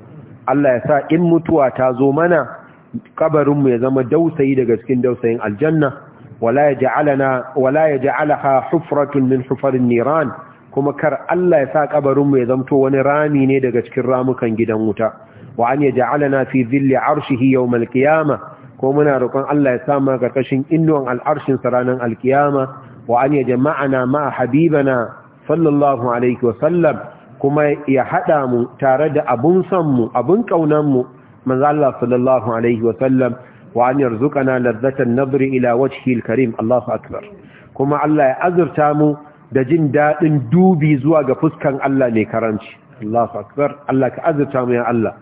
Allah ya sa in mutuwa ta zo mana kabarinmu ya zama dausayi daga cikin dausayin aljanna wala ya ja'alaha hufratun min hufarin niran kuma kar Allah ya sa mu ya zamto wani rami ne daga cikin ramukan gidan wuta wa an ya ja'alana fi zilli arshihi yawmal qiyama ko muna roƙon Allah ya sa mu karkashin inuwan al'arshin ranar alkiyama wa an ya jama'ana ma habibana sallallahu alaihi wa sallam kuma ya hada mu tare da abun san mu abun kaunan mu manzo Allah sallallahu alaihi wa sallam wa an yarzuqana ladzatan nadri ila wajhi alkarim Allahu akbar kuma Allah ya azurta mu da jin daɗin dubi zuwa ga fuskan Allah mai karanci Allahu akbar Allah ka azurta mu ya Allah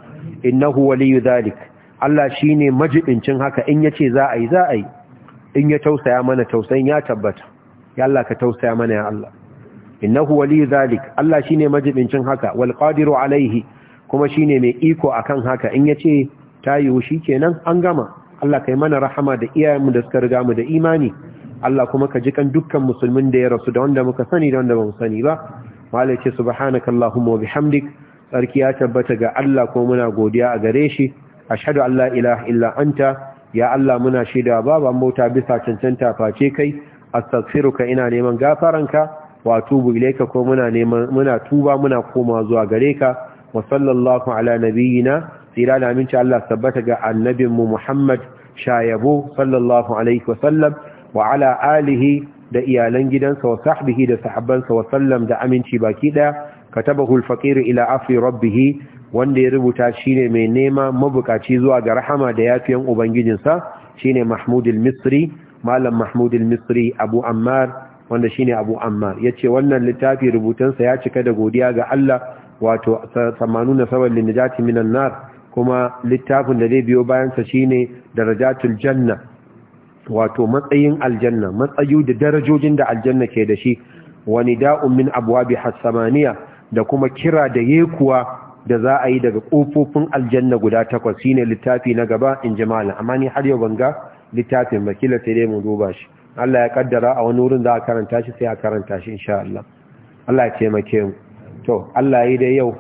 innahu waliyyu dhalik Allah shine majibincin haka in yace za a in ya tausaya mana tausayin ya tabbata ya ka tausaya mana ya Allah innahu waliyyu dhalik Allah haka wal alaihi kuma shi ne mai iko a kan haka in ya ce ta yiwu kenan an gama Allah kai mana rahama da iyayenmu da suka riga mu da imani Allah kuma ka ji kan dukkan musulmin da ya rasu da wanda muka sani da wanda ba mu sani ba malaike subhanakallahumma wa bihamdik sarki ya tabbata ga Allah ko muna godiya a gare shi ashhadu an la ilaha illa anta ya Allah muna shaida baba mota bisa cancanta face kai A astaghfiruka ina neman gafaranka wa atubu ilayka ko muna tuba muna koma zuwa gare ka wa sallallahu ala nabiyyina tsira da aminci Allah tabbata ga annabinmu Muhammad shayabo sallallahu alaihi wa sallam wa ala alihi da iyalan gidansa wa sahbihi da sahabbansa wa sallam da aminci baki daya katabahu al-faqir ila afi bihi. wanda ya rubuta shine mai nema mabukaci zuwa ga rahama da yafiyan ubangijinsa shine Mahmud al-Misri malam Mahmud al-Misri Abu Ammar wanda shine Abu Ammar ce wannan littafin rubutansa ya cika da godiya ga Allah wato 80 sabal linjati minan nar kuma littafin da zai biyo bayan sa shine darajatul janna wato matsayin aljanna matsayu da darajojin da aljanna ke da shi wa nida'un min abwabi hasamaniya da kuma kira da yekuwa da za a yi daga kofofin aljanna guda takwas shine littafi na gaba in jama'a amma ni har yau banga littafin makila sai dai mu duba shi Allah ya kaddara a wani wurin za a karanta shi sai a karanta shi insha Allah Allah ya taimake mu to Allah yi dai yau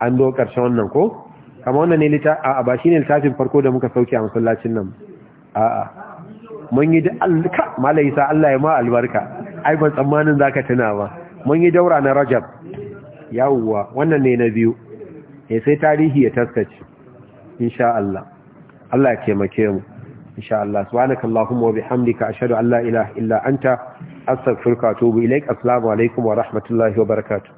an do ƙarshen wannan ko kama wannan ne lita a ba shi ne littafin farko da muka sauke a masallacin nan a a mun yi da alka sa Allah ya ma albarka ai ban tsammanin zaka tuna ba mun yi daura na Rajab yawwa wannan ne na biyu eh sai tarihi ya taskace insha Allah Allah ya taimake mu insha Allah allahumma wa bihamdika ashhadu an la ilaha illa anta astaghfiruka wa atubu ilaik assalamu alaikum wa rahmatullahi wa barakatuh